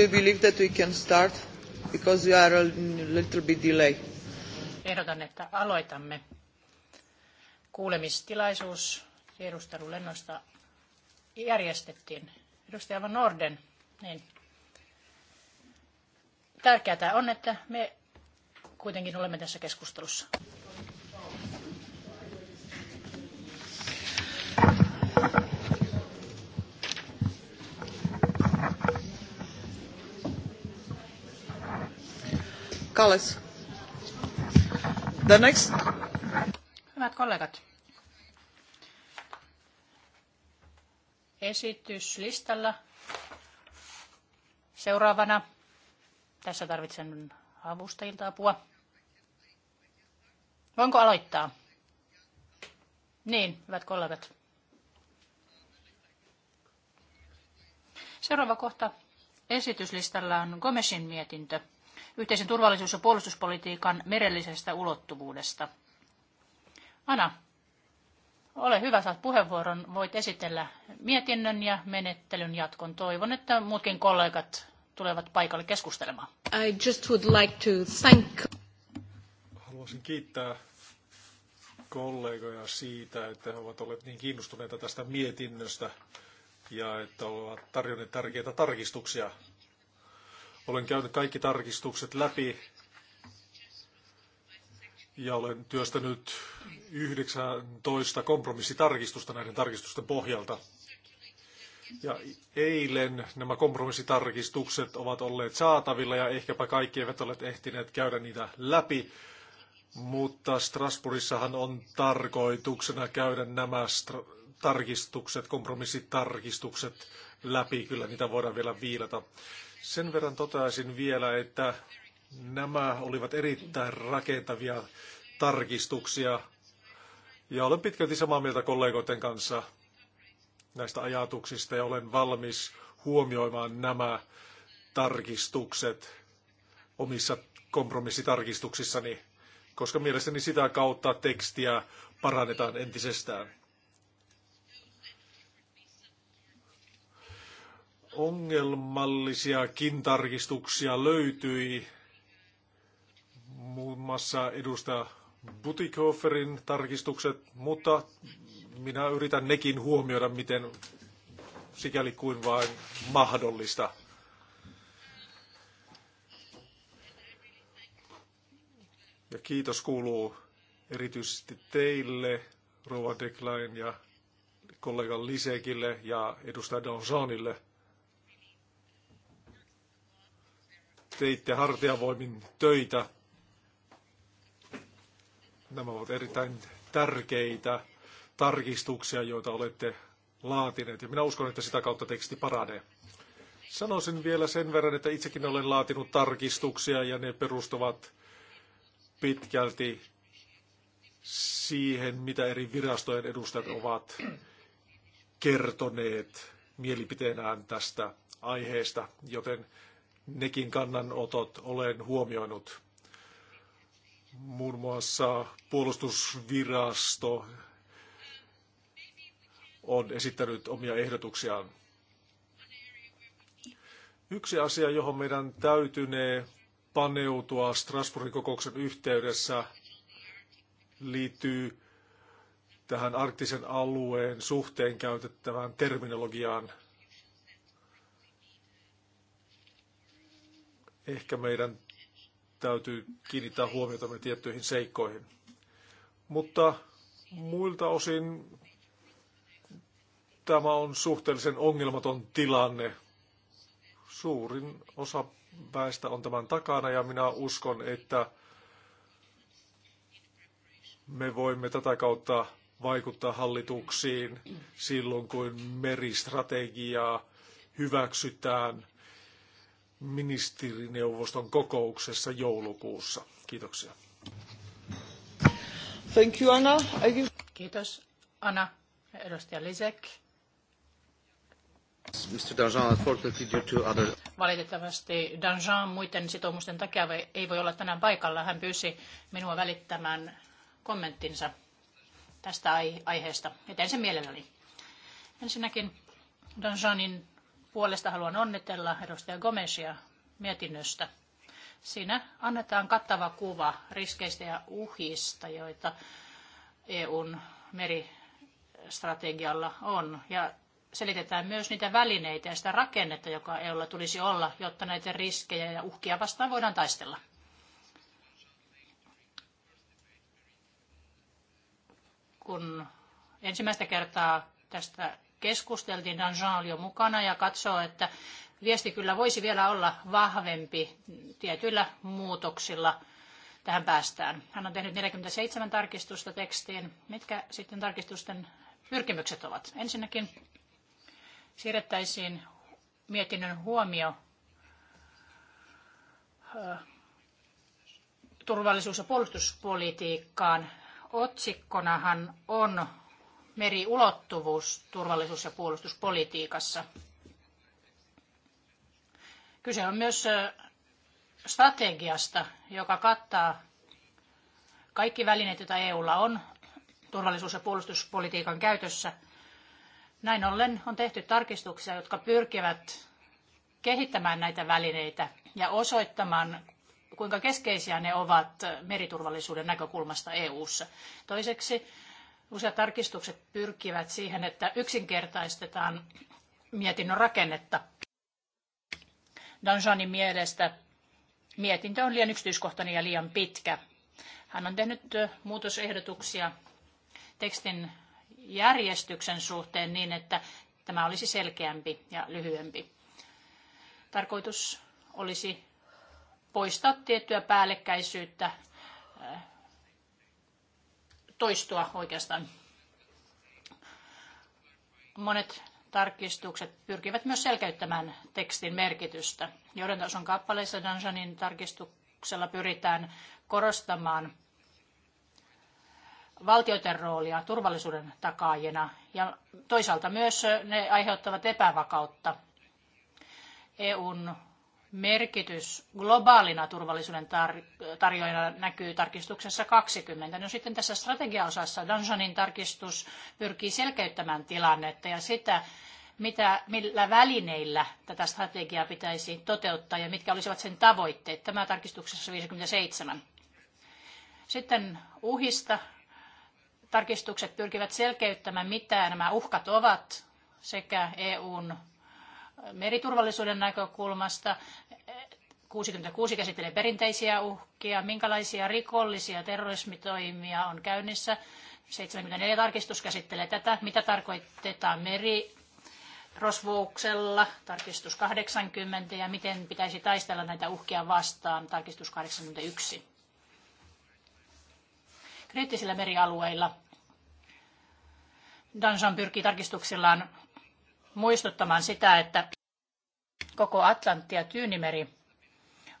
Do you believe that we can start? Because we are a little bit delay. Ehdotan, että aloitamme. Kuulemistilaisuus tiedustelulennosta järjestettiin. Edustaja Van Norden, niin tärkeää on, että me kuitenkin olemme tässä keskustelussa. Hyvät kollegat. Esityslistalla seuraavana. Tässä tarvitsen avustajilta apua. Voinko aloittaa? Niin, hyvät kollegat. Seuraava kohta esityslistalla on Gomesin mietintö yhteisen turvallisuus- ja puolustuspolitiikan merellisestä ulottuvuudesta. Ana, ole hyvä, saat puheenvuoron. Voit esitellä mietinnön ja menettelyn jatkon. Toivon, että muutkin kollegat tulevat paikalle keskustelemaan. I just would like to thank... Haluaisin kiittää kollegoja siitä, että he ovat olleet niin kiinnostuneita tästä mietinnöstä ja että ovat tarjonneet tärkeitä tarkistuksia. Olen käynyt kaikki tarkistukset läpi ja olen työstänyt 19 kompromissitarkistusta näiden tarkistusten pohjalta. Ja eilen nämä kompromissitarkistukset ovat olleet saatavilla ja ehkäpä kaikki eivät ole ehtineet käydä niitä läpi, mutta Strasbourgissahan on tarkoituksena käydä nämä tarkistukset, kompromissitarkistukset läpi. Kyllä niitä voidaan vielä viilata. Sen verran toteaisin vielä, että nämä olivat erittäin rakentavia tarkistuksia ja olen pitkälti samaa mieltä kollegoiden kanssa näistä ajatuksista ja olen valmis huomioimaan nämä tarkistukset omissa kompromissitarkistuksissani, koska mielestäni sitä kautta tekstiä parannetaan entisestään. ongelmallisiakin tarkistuksia löytyi. Muun muassa edustaja Butikofferin tarkistukset, mutta minä yritän nekin huomioida, miten sikäli kuin vain mahdollista. Ja kiitos kuuluu erityisesti teille, Rova Decline ja kollegan Lisekille ja edustaja Donzonille. teitte hartiavoimin töitä. Nämä ovat erittäin tärkeitä tarkistuksia, joita olette laatineet, ja minä uskon, että sitä kautta teksti paranee. Sanoisin vielä sen verran, että itsekin olen laatinut tarkistuksia, ja ne perustuvat pitkälti siihen, mitä eri virastojen edustajat ovat kertoneet mielipiteenään tästä aiheesta, joten nekin kannanotot olen huomioinut. Muun muassa puolustusvirasto on esittänyt omia ehdotuksiaan. Yksi asia, johon meidän täytynee paneutua Strasbourgin kokouksen yhteydessä, liittyy tähän arktisen alueen suhteen käytettävään terminologiaan – Ehkä meidän täytyy kiinnittää huomiota me tiettyihin seikkoihin. Mutta muilta osin tämä on suhteellisen ongelmaton tilanne. Suurin osa väestä on tämän takana ja minä uskon, että me voimme tätä kautta vaikuttaa hallituksiin silloin, kun meristrategiaa hyväksytään – ministerineuvoston kokouksessa joulukuussa. Kiitoksia. Thank you, Anna. Kiitos, Anna. Edustaja Lisek. Mr. Danjean, unfortunately due to other... Valitettavasti Danjean muiden sitoumusten takia ei voi olla tänään paikalla. Hän pyysi minua välittämään kommenttinsa tästä aiheesta. Eteen sen mielelläni. Ensinnäkin Danjeanin puolesta haluan onnitella edustaja Gomesia mietinnöstä. Siinä annetaan kattava kuva riskeistä ja uhista, joita EUn meristrategialla on. Ja selitetään myös niitä välineitä ja sitä rakennetta, joka EUlla tulisi olla, jotta näitä riskejä ja uhkia vastaan voidaan taistella. Kun ensimmäistä kertaa tästä keskusteltiin, Danjean oli jo mukana ja katsoo, että viesti kyllä voisi vielä olla vahvempi tietyillä muutoksilla tähän päästään. Hän on tehnyt 47 tarkistusta tekstiin. Mitkä sitten tarkistusten pyrkimykset ovat? Ensinnäkin siirrettäisiin mietinnön huomio turvallisuus- ja puolustuspolitiikkaan. Otsikkonahan on meriulottuvuus turvallisuus- ja puolustuspolitiikassa. Kyse on myös strategiasta, joka kattaa kaikki välineet, joita EUlla on turvallisuus- ja puolustuspolitiikan käytössä. Näin ollen on tehty tarkistuksia, jotka pyrkivät kehittämään näitä välineitä ja osoittamaan, kuinka keskeisiä ne ovat meriturvallisuuden näkökulmasta EU:ssa. Toiseksi Useat tarkistukset pyrkivät siihen, että yksinkertaistetaan mietinnön rakennetta. Danjanin mielestä mietintö on liian yksityiskohtainen ja liian pitkä. Hän on tehnyt muutosehdotuksia tekstin järjestyksen suhteen niin, että tämä olisi selkeämpi ja lyhyempi. Tarkoitus olisi poistaa tiettyä päällekkäisyyttä toistua oikeastaan. Monet tarkistukset pyrkivät myös selkeyttämään tekstin merkitystä. Johdantason kappaleissa Danjanin tarkistuksella pyritään korostamaan valtioiden roolia turvallisuuden takaajina ja toisaalta myös ne aiheuttavat epävakautta. EUn merkitys globaalina turvallisuuden tar- tarjoajana näkyy tarkistuksessa 20. No sitten tässä strategiaosassa Dungeonin tarkistus pyrkii selkeyttämään tilannetta ja sitä, mitä, millä välineillä tätä strategiaa pitäisi toteuttaa ja mitkä olisivat sen tavoitteet. Tämä tarkistuksessa 57. Sitten uhista. Tarkistukset pyrkivät selkeyttämään, mitä nämä uhkat ovat sekä EUn meriturvallisuuden näkökulmasta. 66 käsittelee perinteisiä uhkia, minkälaisia rikollisia terrorismitoimia on käynnissä. 74 tarkistus käsittelee tätä, mitä tarkoitetaan meri rosvouksella, tarkistus 80 ja miten pitäisi taistella näitä uhkia vastaan, tarkistus 81. Kriittisillä merialueilla Danson pyrkii tarkistuksillaan muistuttamaan sitä, että koko Atlantti ja Tyynimeri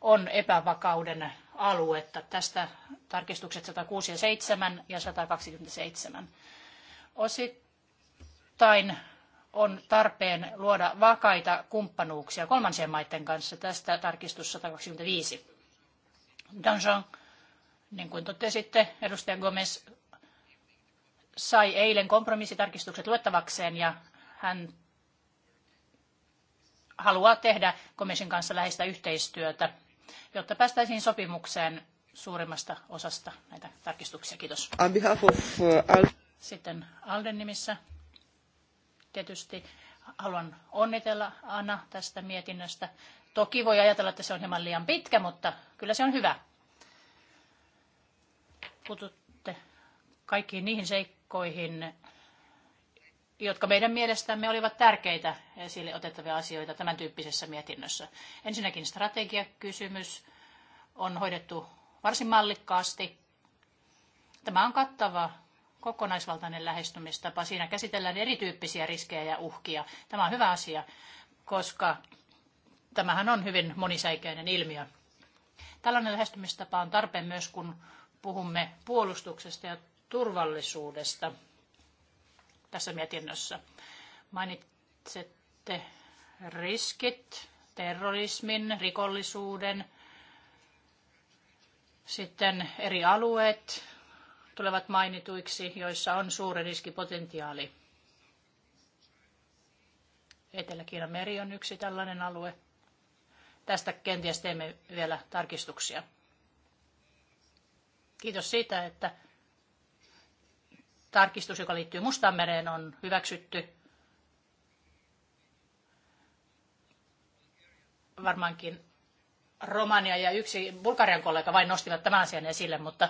on epävakauden aluetta. Tästä tarkistukset 106 ja 7 ja 127. Osittain on tarpeen luoda vakaita kumppanuuksia kolmansien maiden kanssa. Tästä tarkistus 125. Danjean, niin kuin totesitte, edustaja Gomez sai eilen kompromissitarkistukset luettavakseen ja hän haluaa tehdä komission kanssa läheistä yhteistyötä, jotta päästäisiin sopimukseen suurimmasta osasta näitä tarkistuksia. Kiitos. On behalf of, uh, Sitten Alden nimissä tietysti haluan onnitella Anna tästä mietinnöstä. Toki voi ajatella, että se on hieman liian pitkä, mutta kyllä se on hyvä. Pututte kaikkiin niihin seikkoihin, jotka meidän mielestämme olivat tärkeitä esille otettavia asioita tämän tyyppisessä mietinnössä. Ensinnäkin strategiakysymys on hoidettu varsin mallikkaasti. Tämä on kattava kokonaisvaltainen lähestymistapa. Siinä käsitellään erityyppisiä riskejä ja uhkia. Tämä on hyvä asia, koska tämähän on hyvin monisäikeinen ilmiö. Tällainen lähestymistapa on tarpeen myös, kun puhumme puolustuksesta ja turvallisuudesta tässä mietinnössä. Mainitsette riskit, terrorismin, rikollisuuden, sitten eri alueet tulevat mainituiksi, joissa on suuri riskipotentiaali. Etelä-Kiinan meri on yksi tällainen alue. Tästä kenties teemme vielä tarkistuksia. Kiitos siitä, että Tarkistus, joka liittyy Mustanmereen, on hyväksytty. Varmaankin Romania ja yksi Bulgarian kollega vain nostivat tämän asian esille, mutta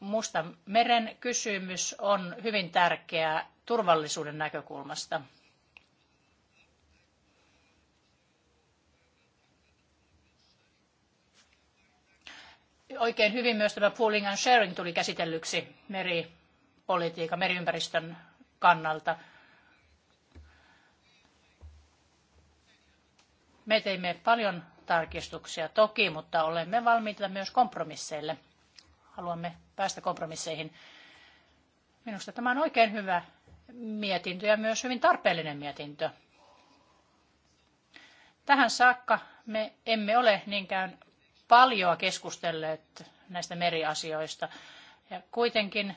Mustan meren kysymys on hyvin tärkeä turvallisuuden näkökulmasta. oikein hyvin myös tämä pooling and sharing tuli käsitellyksi meripolitiikan, meriympäristön kannalta. Me teimme paljon tarkistuksia toki, mutta olemme valmiita myös kompromisseille. Haluamme päästä kompromisseihin. Minusta tämä on oikein hyvä mietintö ja myös hyvin tarpeellinen mietintö. Tähän saakka me emme ole niinkään paljon keskustelleet näistä meriasioista. Ja kuitenkin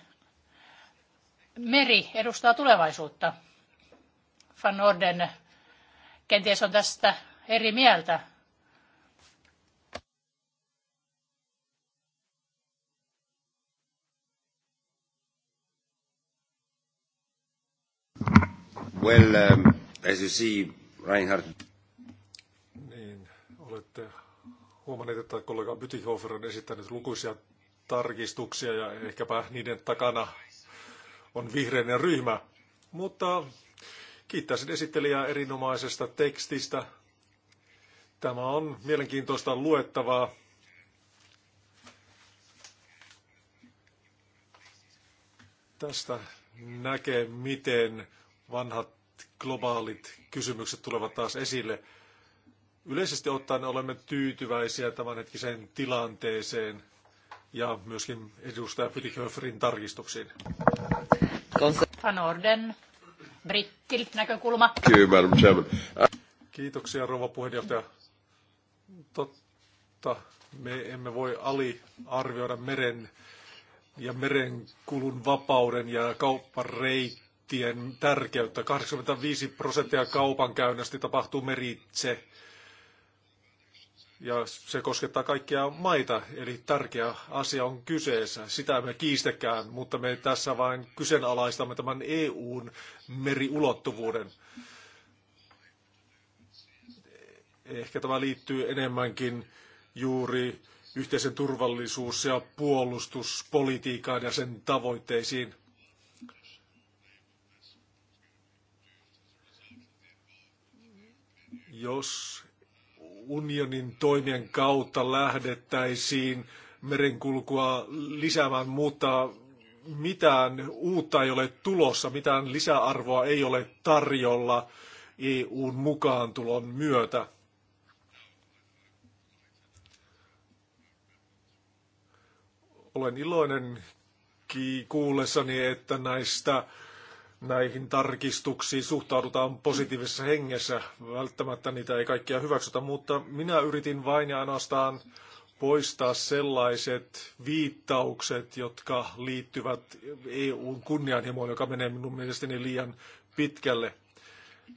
meri edustaa tulevaisuutta. Van Norden kenties on tästä eri mieltä. Well, um, as you see, Reinhard. Niin, olette huomanneet, että kollega Bytihofer on esittänyt lukuisia tarkistuksia ja ehkäpä niiden takana on vihreinen ryhmä. Mutta kiittäisin esittelijää erinomaisesta tekstistä. Tämä on mielenkiintoista luettavaa. Tästä näkee, miten vanhat globaalit kysymykset tulevat taas esille. Yleisesti ottaen olemme tyytyväisiä tämänhetkiseen tilanteeseen ja myöskin edustaja Pytiköferin tarkistuksiin. Van Orden, brittil näkökulma. Kiitoksia rouva puheenjohtaja. Totta, me emme voi aliarvioida meren ja merenkulun vapauden ja kauppareittien tärkeyttä. 85 prosenttia kaupankäynnistä tapahtuu meritse ja se koskettaa kaikkia maita, eli tärkeä asia on kyseessä. Sitä me kiistäkään, mutta me tässä vain kyseenalaistamme tämän EUn meriulottuvuuden. Ehkä tämä liittyy enemmänkin juuri yhteisen turvallisuus- ja puolustuspolitiikkaan ja sen tavoitteisiin. Jos unionin toimien kautta lähdettäisiin merenkulkua lisäämään, mutta mitään uutta ei ole tulossa, mitään lisäarvoa ei ole tarjolla EUn mukaantulon myötä. Olen iloinen kuullessani, että näistä näihin tarkistuksiin suhtaudutaan positiivisessa hengessä. Välttämättä niitä ei kaikkia hyväksytä, mutta minä yritin vain ja ainoastaan poistaa sellaiset viittaukset, jotka liittyvät EUn kunnianhimoon, joka menee minun mielestäni liian pitkälle.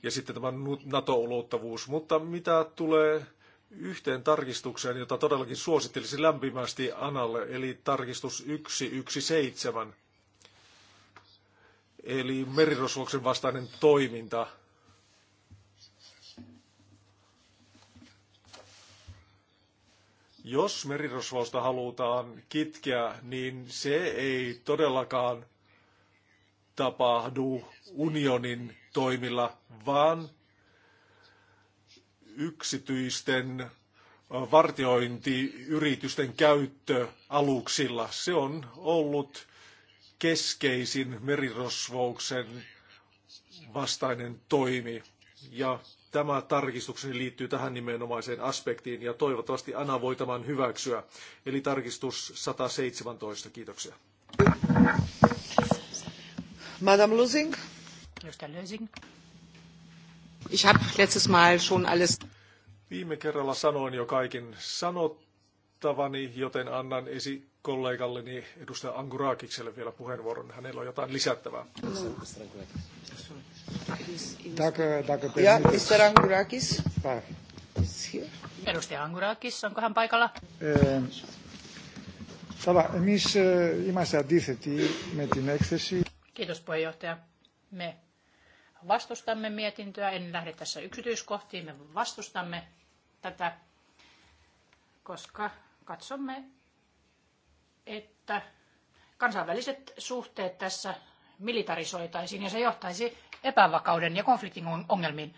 Ja sitten tämä NATO-ulottuvuus. Mutta mitä tulee yhteen tarkistukseen, jota todellakin suosittelisin lämpimästi Analle, eli tarkistus 117 eli merirosvoksen vastainen toiminta. Jos merirosvousta halutaan kitkeä, niin se ei todellakaan tapahdu unionin toimilla, vaan yksityisten vartiointiyritysten käyttö aluksilla. Se on ollut keskeisin merirosvouksen vastainen toimi. Ja tämä tarkistukseni liittyy tähän nimenomaiseen aspektiin ja toivottavasti Ana voi tämän hyväksyä. Eli tarkistus 117. Kiitoksia. Madame Lusing. Ich habe letztes Mal schon alles. Viime kerralla sanoin jo kaiken sanottavani, joten annan esi- kollegalleni edustaja Ankuraakikselle vielä puheenvuoron. Hänellä on jotain lisättävää. Ja, Mr. Angurakis. Edustaja Angurakis, onko hän paikalla? Tämä, missä είμαστε αντίθετοι με την έκθεση. Kiitos puheenjohtaja. Me vastustamme mietintöä. En lähde tässä yksityiskohtiin. Me vastustamme tätä, koska katsomme, että kansainväliset suhteet tässä militarisoitaisiin ja se johtaisi epävakauden ja konfliktin ongelmiin.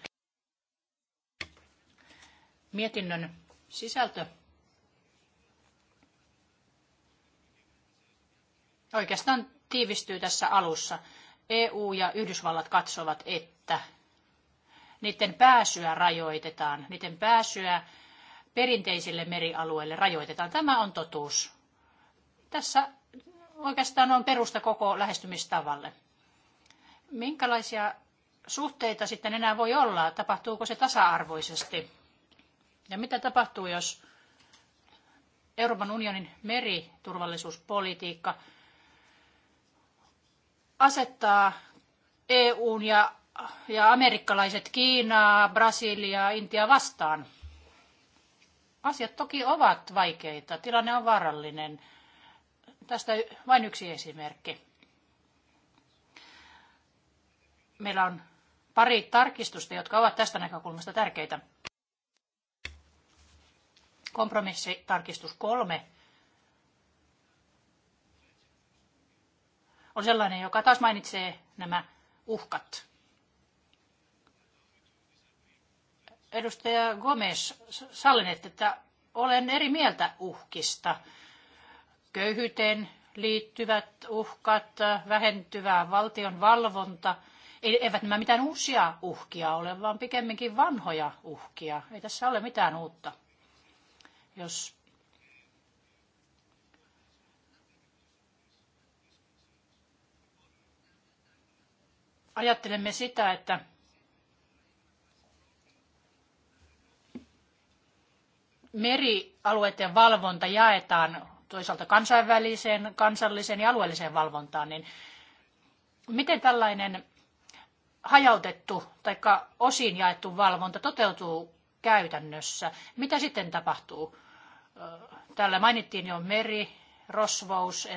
Mietinnön sisältö oikeastaan tiivistyy tässä alussa. EU ja Yhdysvallat katsovat, että niiden pääsyä rajoitetaan, niiden pääsyä perinteisille merialueille rajoitetaan. Tämä on totuus. Tässä oikeastaan on perusta koko lähestymistavalle. Minkälaisia suhteita sitten enää voi olla? Tapahtuuko se tasa-arvoisesti? Ja mitä tapahtuu, jos Euroopan unionin meriturvallisuuspolitiikka asettaa EUn ja, ja amerikkalaiset Kiinaa, Brasiliaa, Intiaa vastaan? Asiat toki ovat vaikeita, tilanne on vaarallinen – Tästä vain yksi esimerkki. Meillä on pari tarkistusta, jotka ovat tästä näkökulmasta tärkeitä. Kompromissi tarkistus kolme on sellainen, joka taas mainitsee nämä uhkat. Edustaja Gomes, sallin, että olen eri mieltä uhkista köyhyyteen liittyvät uhkat, vähentyvä valtion valvonta, e, eivät nämä mitään uusia uhkia ole, vaan pikemminkin vanhoja uhkia. Ei tässä ole mitään uutta. Jos ajattelemme sitä, että merialueiden valvonta jaetaan toisaalta kansainväliseen, kansalliseen ja alueelliseen valvontaan, niin miten tällainen hajautettu tai osin jaettu valvonta toteutuu käytännössä? Mitä sitten tapahtuu? Täällä mainittiin jo meri, rosvous,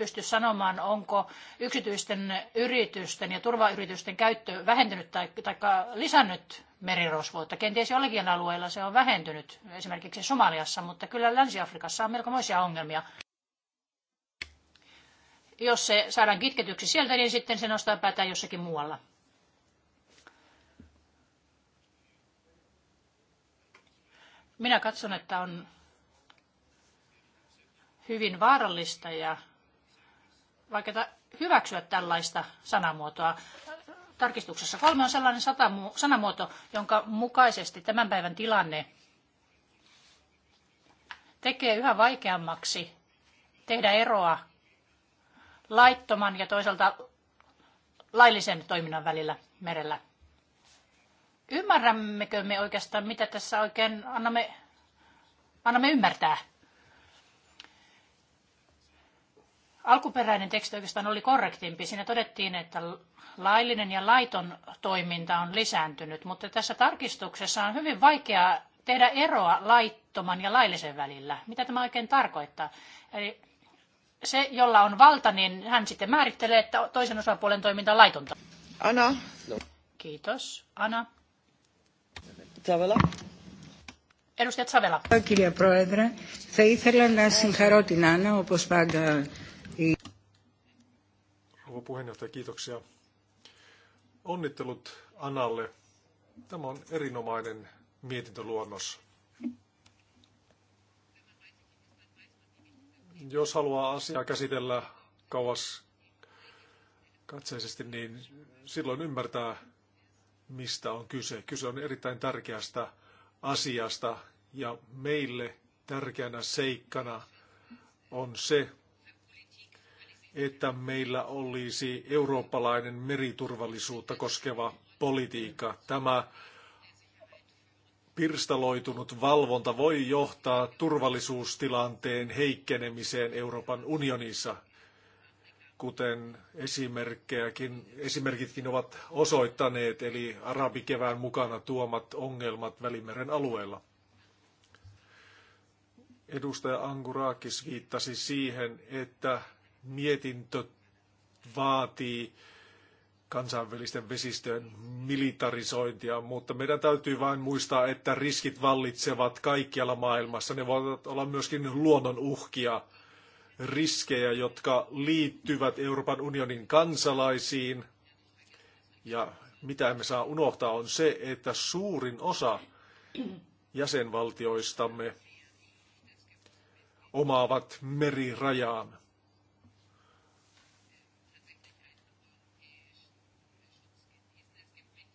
pysty sanomaan, onko yksityisten yritysten ja turvayritysten käyttö vähentynyt tai, tai lisännyt merirosvoutta. Kenties jollakin alueella se on vähentynyt, esimerkiksi Somaliassa, mutta kyllä Länsi-Afrikassa on melkomoisia ongelmia. Jos se saadaan kitketyksi sieltä, niin sitten se nostaa päätään jossakin muualla. Minä katson, että on hyvin vaarallista ja vaikeaa hyväksyä tällaista sanamuotoa. Tarkistuksessa kolme on sellainen sanamuoto, jonka mukaisesti tämän päivän tilanne tekee yhä vaikeammaksi tehdä eroa laittoman ja toisaalta laillisen toiminnan välillä merellä. Ymmärrämmekö me oikeastaan, mitä tässä oikein annamme, annamme ymmärtää? alkuperäinen teksti oikeastaan oli korrektimpi. Siinä todettiin, että laillinen ja laiton toiminta on lisääntynyt, mutta tässä tarkistuksessa on hyvin vaikea tehdä eroa laittoman ja laillisen välillä. Mitä tämä oikein tarkoittaa? Eli se, jolla on valta, niin hän sitten määrittelee, että toisen osapuolen toiminta on laitonta. Anna. No. Kiitos. Anna. Tavella? Edustaja Savela. Κύριε Πρόεδρε, ήθελα να συγχαρώ την Άννα, όπως πάντα rouva puheenjohtaja, kiitoksia. Onnittelut Analle. Tämä on erinomainen mietintöluonnos. Jos haluaa asiaa käsitellä kauas katseisesti, niin silloin ymmärtää, mistä on kyse. Kyse on erittäin tärkeästä asiasta ja meille tärkeänä seikkana on se, että meillä olisi eurooppalainen meriturvallisuutta koskeva politiikka. Tämä pirstaloitunut valvonta voi johtaa turvallisuustilanteen heikkenemiseen Euroopan unionissa, kuten esimerkkejäkin, esimerkitkin ovat osoittaneet, eli arabikevään mukana tuomat ongelmat Välimeren alueella. Edustaja Angurakis viittasi siihen, että mietintö vaatii kansainvälisten vesistöjen militarisointia, mutta meidän täytyy vain muistaa, että riskit vallitsevat kaikkialla maailmassa. Ne voivat olla myöskin luonnonuhkia, riskejä, jotka liittyvät Euroopan unionin kansalaisiin. Ja mitä emme saa unohtaa on se, että suurin osa jäsenvaltioistamme omaavat merirajaa.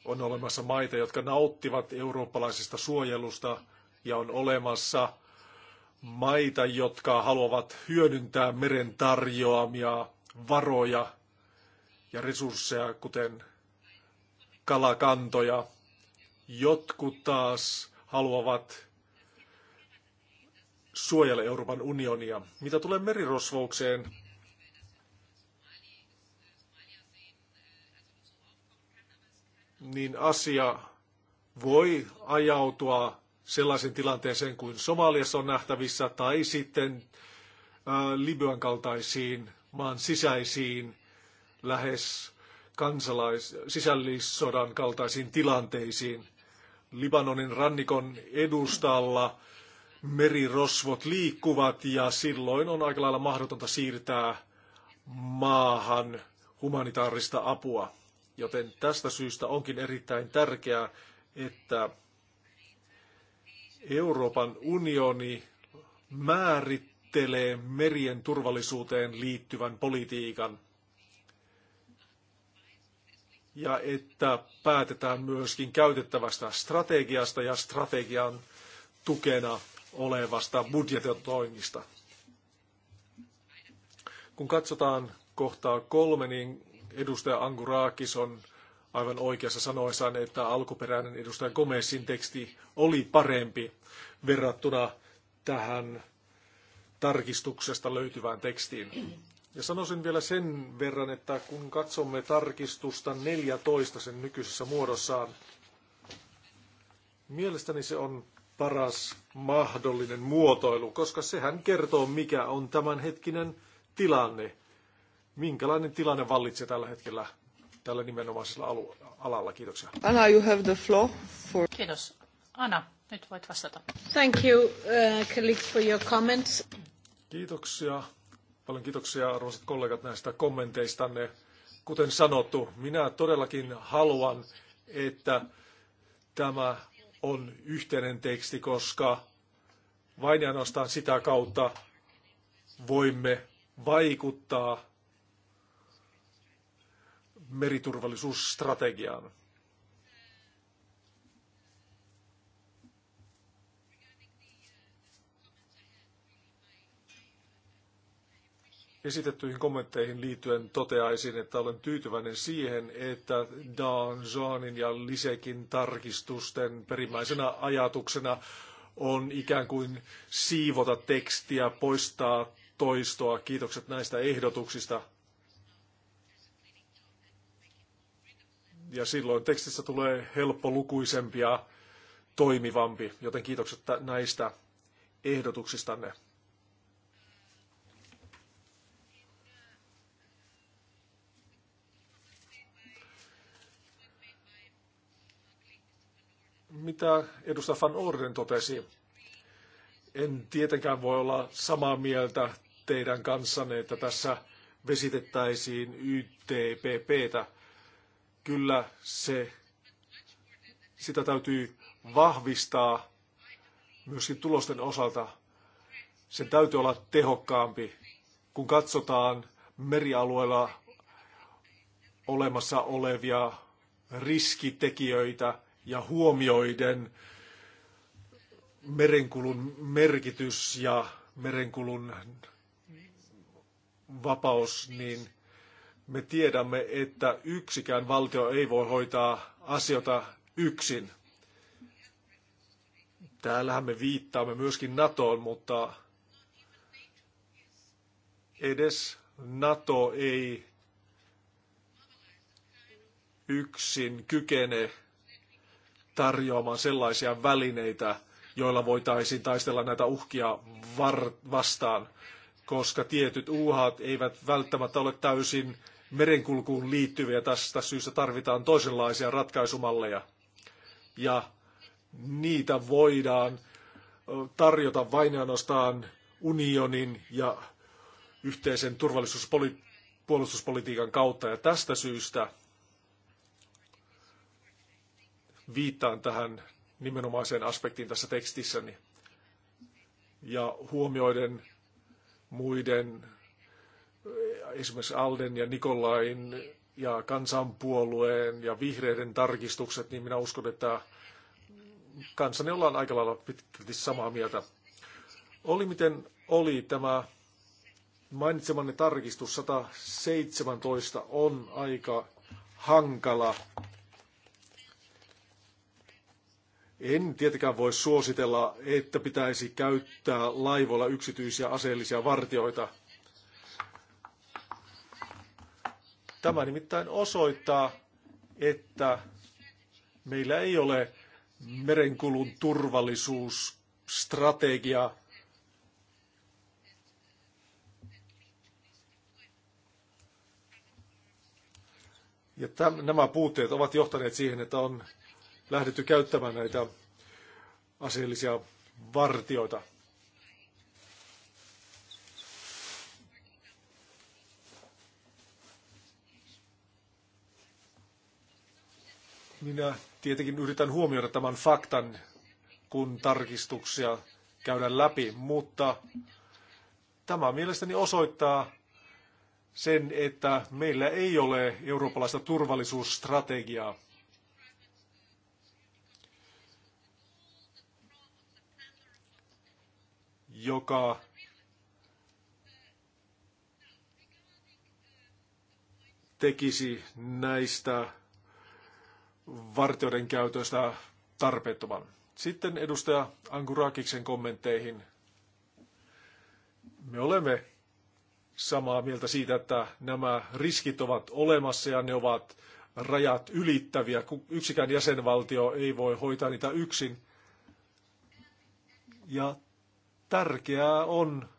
On olemassa maita, jotka nauttivat eurooppalaisesta suojelusta ja on olemassa maita, jotka haluavat hyödyntää meren tarjoamia varoja ja resursseja, kuten kalakantoja. Jotkut taas haluavat suojella Euroopan unionia. Mitä tulee merirosvoukseen, niin asia voi ajautua sellaisen tilanteeseen kuin Somaliassa on nähtävissä, tai sitten äh, Libyan kaltaisiin maan sisäisiin lähes kansalais- sisällissodan kaltaisiin tilanteisiin. Libanonin rannikon edustalla merirosvot liikkuvat ja silloin on aika lailla mahdotonta siirtää maahan humanitaarista apua. Joten tästä syystä onkin erittäin tärkeää, että Euroopan unioni määrittelee merien turvallisuuteen liittyvän politiikan ja että päätetään myöskin käytettävästä strategiasta ja strategian tukena olevasta budjetoinnista. Kun katsotaan kohtaa kolme, niin Edustaja Anguraakis on aivan oikeassa sanoissaan, että alkuperäinen edustaja Gomezin teksti oli parempi verrattuna tähän tarkistuksesta löytyvään tekstiin. Ja sanoisin vielä sen verran, että kun katsomme tarkistusta 14 sen nykyisessä muodossaan, mielestäni se on paras mahdollinen muotoilu, koska sehän kertoo, mikä on tämänhetkinen tilanne minkälainen tilanne vallitsee tällä hetkellä tällä nimenomaisella alu- alalla. Kiitoksia. Anna, you have the floor for... Kiitos. Anna, nyt voit vastata. Thank you, uh, colleagues, for your comments. Kiitoksia. Paljon kiitoksia arvoisat kollegat näistä kommenteistanne. Kuten sanottu, minä todellakin haluan, että tämä on yhteinen teksti, koska vain ja ainoastaan sitä kautta voimme vaikuttaa meriturvallisuusstrategiaan. Esitettyihin kommentteihin liittyen toteaisin, että olen tyytyväinen siihen, että Dan Joanin ja Lisekin tarkistusten perimmäisenä ajatuksena on ikään kuin siivota tekstiä, poistaa toistoa. Kiitokset näistä ehdotuksista. ja silloin tekstistä tulee helppolukuisempi ja toimivampi, joten kiitokset näistä ehdotuksistanne. Mitä edustaja Van Orden totesi, en tietenkään voi olla samaa mieltä teidän kanssanne, että tässä vesitettäisiin YTPPtä kyllä se, sitä täytyy vahvistaa myöskin tulosten osalta. Sen täytyy olla tehokkaampi, kun katsotaan merialueella olemassa olevia riskitekijöitä ja huomioiden merenkulun merkitys ja merenkulun vapaus, niin me tiedämme, että yksikään valtio ei voi hoitaa asioita yksin. Täällähän me viittaamme myöskin NATOon, mutta edes NATO ei yksin kykene tarjoamaan sellaisia välineitä, joilla voitaisiin taistella näitä uhkia vastaan, koska tietyt uhat eivät välttämättä ole täysin merenkulkuun liittyviä. Tästä syystä tarvitaan toisenlaisia ratkaisumalleja. Ja niitä voidaan tarjota vain ainoastaan unionin ja yhteisen turvallisuuspuolustuspolitiikan kautta. Ja tästä syystä viittaan tähän nimenomaiseen aspektiin tässä tekstissäni. Ja huomioiden muiden esimerkiksi Alden ja Nikolain ja kansanpuolueen ja vihreiden tarkistukset, niin minä uskon, että kansani ollaan aika lailla pitkälti samaa mieltä. Oli miten oli tämä mainitsemanne tarkistus 117 on aika hankala. En tietenkään voi suositella, että pitäisi käyttää laivoilla yksityisiä aseellisia vartioita – Tämä nimittäin osoittaa, että meillä ei ole merenkulun turvallisuusstrategiaa. Ja täm, nämä puutteet ovat johtaneet siihen, että on lähdetty käyttämään näitä aseellisia vartioita. Minä tietenkin yritän huomioida tämän faktan, kun tarkistuksia käydään läpi, mutta tämä mielestäni osoittaa sen, että meillä ei ole eurooppalaista turvallisuusstrategiaa. joka tekisi näistä vartioiden käytöstä tarpeettoman. Sitten edustaja Angurakiksen kommentteihin. Me olemme samaa mieltä siitä, että nämä riskit ovat olemassa ja ne ovat rajat ylittäviä. Yksikään jäsenvaltio ei voi hoitaa niitä yksin. Ja tärkeää on,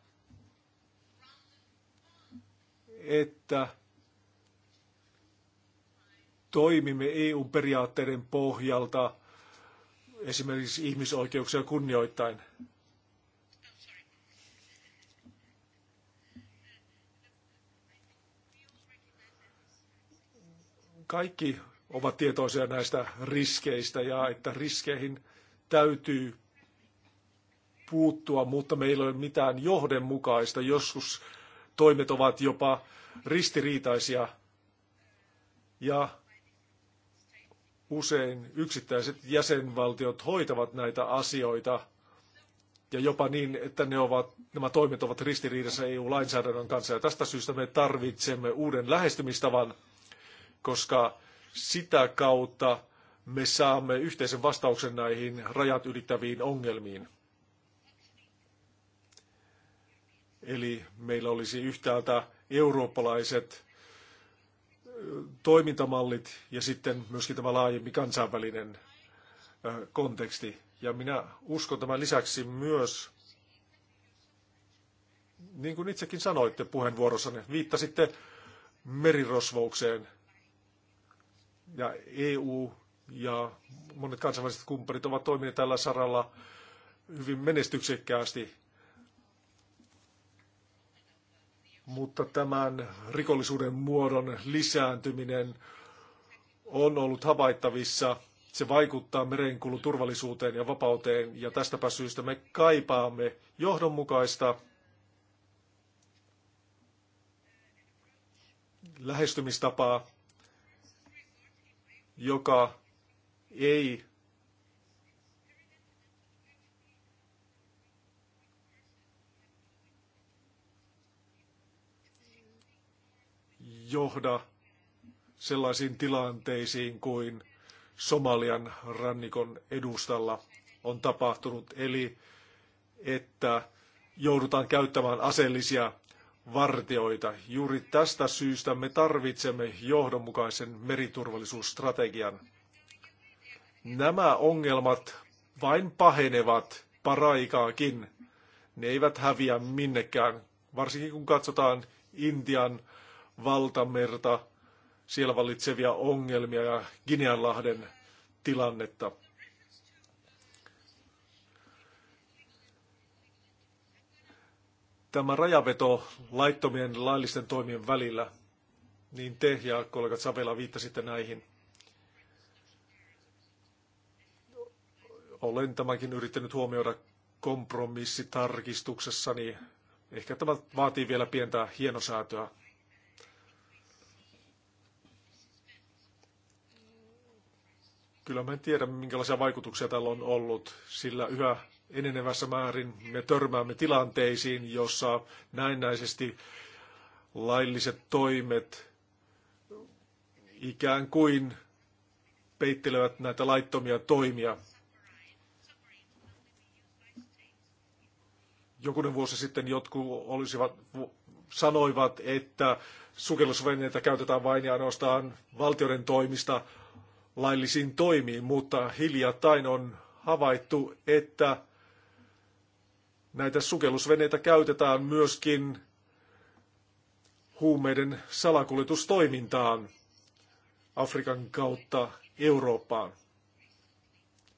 että toimimme EU-periaatteiden pohjalta, esimerkiksi ihmisoikeuksia kunnioittain. Kaikki ovat tietoisia näistä riskeistä ja että riskeihin täytyy puuttua, mutta meillä ei ole mitään johdonmukaista. Joskus toimet ovat jopa ristiriitaisia ja usein yksittäiset jäsenvaltiot hoitavat näitä asioita ja jopa niin, että ne ovat, nämä toimet ovat ristiriidassa EU-lainsäädännön kanssa. Ja tästä syystä me tarvitsemme uuden lähestymistavan, koska sitä kautta me saamme yhteisen vastauksen näihin rajat ylittäviin ongelmiin. Eli meillä olisi yhtäältä eurooppalaiset toimintamallit ja sitten myöskin tämä laajempi kansainvälinen konteksti. Ja minä uskon tämän lisäksi myös, niin kuin itsekin sanoitte puheenvuorossanne, viittasitte merirosvoukseen ja EU ja monet kansainväliset kumppanit ovat toimineet tällä saralla hyvin menestyksekkäästi. mutta tämän rikollisuuden muodon lisääntyminen on ollut havaittavissa. Se vaikuttaa merenkulun turvallisuuteen ja vapauteen, ja tästäpä syystä me kaipaamme johdonmukaista lähestymistapaa, joka ei johda sellaisiin tilanteisiin kuin Somalian rannikon edustalla on tapahtunut, eli että joudutaan käyttämään aseellisia vartioita. Juuri tästä syystä me tarvitsemme johdonmukaisen meriturvallisuusstrategian. Nämä ongelmat vain pahenevat paraikaakin. Ne eivät häviä minnekään, varsinkin kun katsotaan Intian valtamerta, siellä vallitsevia ongelmia ja Gineanlahden tilannetta. Tämä rajaveto laittomien laillisten toimien välillä, niin te ja kollegat Savela viittasitte näihin. Olen tämänkin yrittänyt huomioida kompromissitarkistuksessani. Ehkä tämä vaatii vielä pientä hienosäätöä. Kyllä mä en tiedä, minkälaisia vaikutuksia tällä on ollut, sillä yhä enenevässä määrin me törmäämme tilanteisiin, jossa näennäisesti lailliset toimet ikään kuin peittelevät näitä laittomia toimia. Jokunen vuosi sitten jotkut olisivat, sanoivat, että sukellusveneitä käytetään vain ja ainoastaan valtioiden toimista laillisiin toimiin, mutta hiljattain on havaittu, että näitä sukellusveneitä käytetään myöskin huumeiden salakuljetustoimintaan Afrikan kautta Eurooppaan.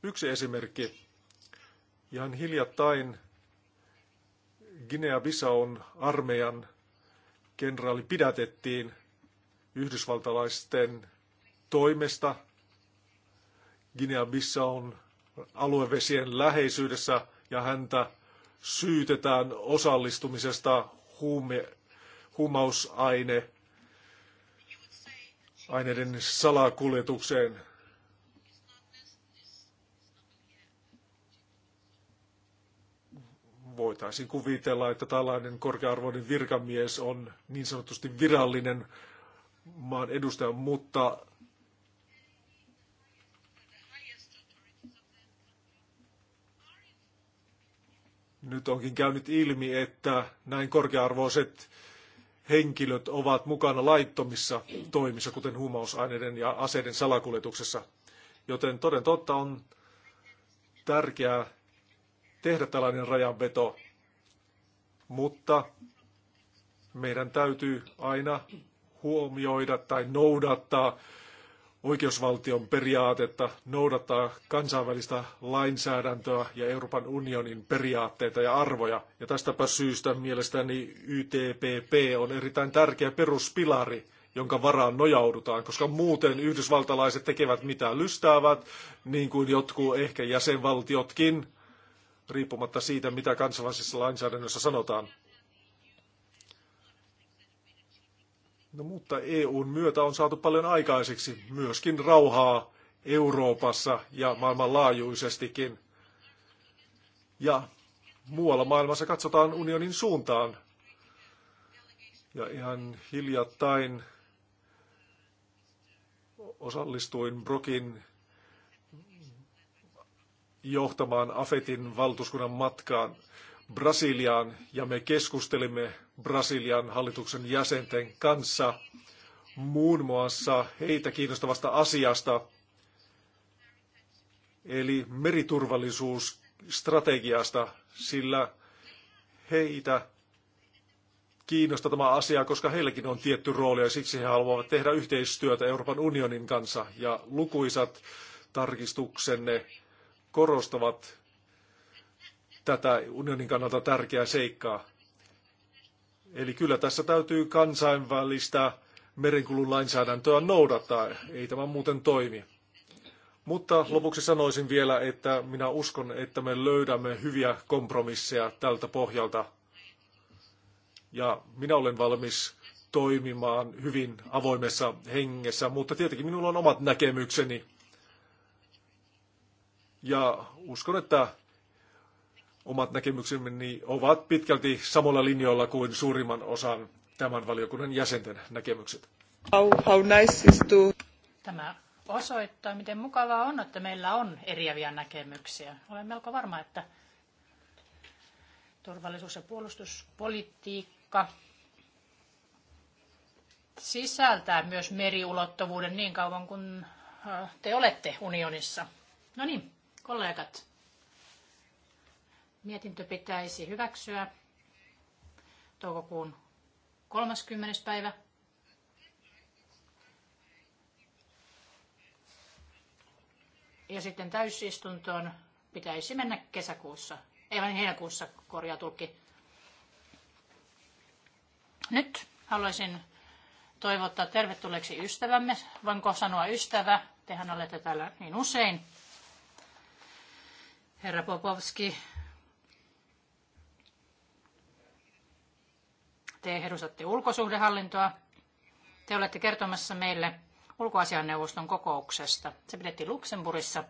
Yksi esimerkki. Ihan hiljattain Guinea-Bissaun armeijan kenraali pidätettiin yhdysvaltalaisten toimesta – Guinea-Bissaun aluevesien läheisyydessä ja häntä syytetään osallistumisesta huume, huumausaine aineiden salakuljetukseen. Voitaisiin kuvitella, että tällainen korkearvoinen virkamies on niin sanotusti virallinen maan edustaja, mutta Nyt onkin käynyt ilmi, että näin korkearvoiset henkilöt ovat mukana laittomissa toimissa, kuten huumausaineiden ja aseiden salakuljetuksessa. Joten toden totta on tärkeää tehdä tällainen rajanveto, mutta meidän täytyy aina huomioida tai noudattaa oikeusvaltion periaatetta, noudattaa kansainvälistä lainsäädäntöä ja Euroopan unionin periaatteita ja arvoja. Ja tästäpä syystä mielestäni YTPP on erittäin tärkeä peruspilari, jonka varaan nojaudutaan, koska muuten yhdysvaltalaiset tekevät mitä lystäävät, niin kuin jotkut ehkä jäsenvaltiotkin, riippumatta siitä, mitä kansainvälisessä lainsäädännössä sanotaan. No mutta EUn myötä on saatu paljon aikaiseksi myöskin rauhaa Euroopassa ja maailmanlaajuisestikin. Ja muualla maailmassa katsotaan unionin suuntaan. Ja ihan hiljattain osallistuin Brokin johtamaan Afetin valtuuskunnan matkaan. Brasiliaan ja me keskustelimme Brasilian hallituksen jäsenten kanssa muun muassa heitä kiinnostavasta asiasta, eli meriturvallisuusstrategiasta, sillä heitä kiinnostaa tämä asia, koska heilläkin on tietty rooli ja siksi he haluavat tehdä yhteistyötä Euroopan unionin kanssa. Ja lukuisat tarkistuksenne korostavat tätä unionin kannalta tärkeää seikkaa. Eli kyllä tässä täytyy kansainvälistä merenkulun lainsäädäntöä noudattaa. Ei tämä muuten toimi. Mutta lopuksi sanoisin vielä, että minä uskon, että me löydämme hyviä kompromisseja tältä pohjalta. Ja minä olen valmis toimimaan hyvin avoimessa hengessä, mutta tietenkin minulla on omat näkemykseni. Ja uskon, että omat niin ovat pitkälti samalla linjoilla kuin suurimman osan tämän valiokunnan jäsenten näkemykset. How, how nice is to... Tämä osoittaa, miten mukavaa on, että meillä on eriäviä näkemyksiä. Olen melko varma, että turvallisuus- ja puolustuspolitiikka sisältää myös meriulottuvuuden niin kauan kuin äh, te olette unionissa. No niin, kollegat, Mietintö pitäisi hyväksyä toukokuun 30. päivä. Ja sitten täysistuntoon pitäisi mennä kesäkuussa, ei vain heinäkuussa korjaa tulkki. Nyt haluaisin toivottaa tervetulleeksi ystävämme. Voinko sanoa ystävä? Tehän olette täällä niin usein. Herra Popovski, te edustatte ulkosuhdehallintoa. Te olette kertomassa meille ulkoasianneuvoston kokouksesta. Se pidettiin Luxemburissa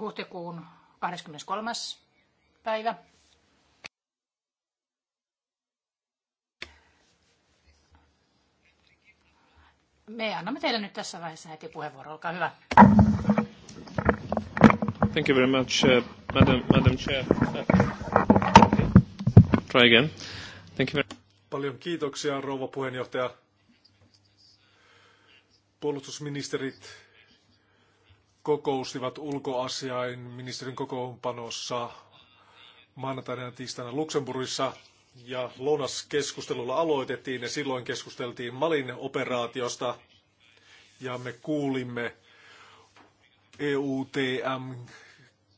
huhtikuun 23. päivä. Me annamme teille nyt tässä vaiheessa heti puheenvuoro. Olkaa hyvä. Thank you very much, uh, Madam, Madam Chair. Uh, Try again. Thank you very... Paljon kiitoksia, rouva puheenjohtaja. Puolustusministerit kokoustivat ulkoasiain ministerin kokoonpanossa maanantaina ja tiistaina Luxemburgissa ja lounaskeskustelulla aloitettiin ja silloin keskusteltiin Malin operaatiosta ja me kuulimme EUTM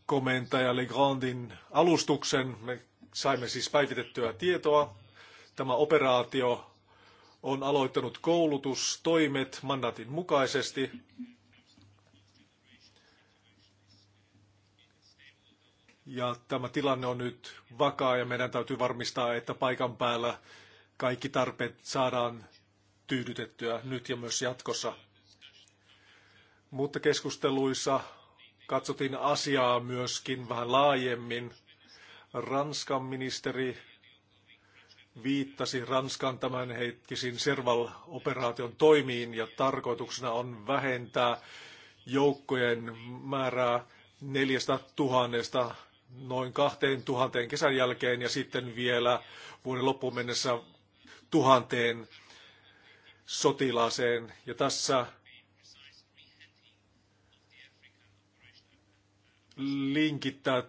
komentaja Legrandin alustuksen. Me Saimme siis päivitettyä tietoa. Tämä operaatio on aloittanut koulutustoimet mandaatin mukaisesti. Ja tämä tilanne on nyt vakaa ja meidän täytyy varmistaa, että paikan päällä kaikki tarpeet saadaan tyydytettyä nyt ja myös jatkossa. Mutta keskusteluissa katsottiin asiaa myöskin vähän laajemmin Ranskan ministeri viittasi Ranskan tämänhetkisiin Serval-operaation toimiin ja tarkoituksena on vähentää joukkojen määrää neljästä tuhannesta noin kahteen tuhanteen kesän jälkeen ja sitten vielä vuoden loppuun mennessä tuhanteen sotilaaseen. Ja tässä linkittää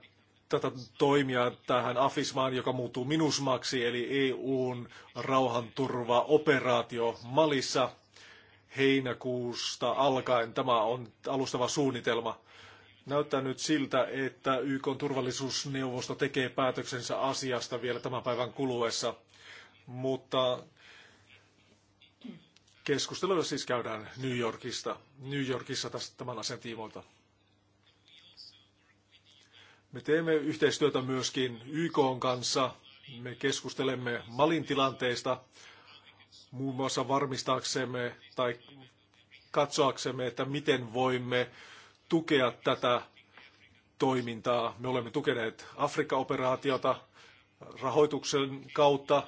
tätä toimia tähän Afismaan, joka muuttuu Minusmaksi, eli EUn rauhanturvaoperaatio Malissa heinäkuusta alkaen. Tämä on alustava suunnitelma. Näyttää nyt siltä, että YK turvallisuusneuvosto tekee päätöksensä asiasta vielä tämän päivän kuluessa, mutta keskustelua siis käydään New Yorkista, New Yorkissa tästä, tämän asian tiimoilta. Me teemme yhteistyötä myöskin YK kanssa. Me keskustelemme Malin tilanteesta muun muassa varmistaaksemme tai katsoaksemme, että miten voimme tukea tätä toimintaa. Me olemme tukeneet Afrikka-operaatiota rahoituksen kautta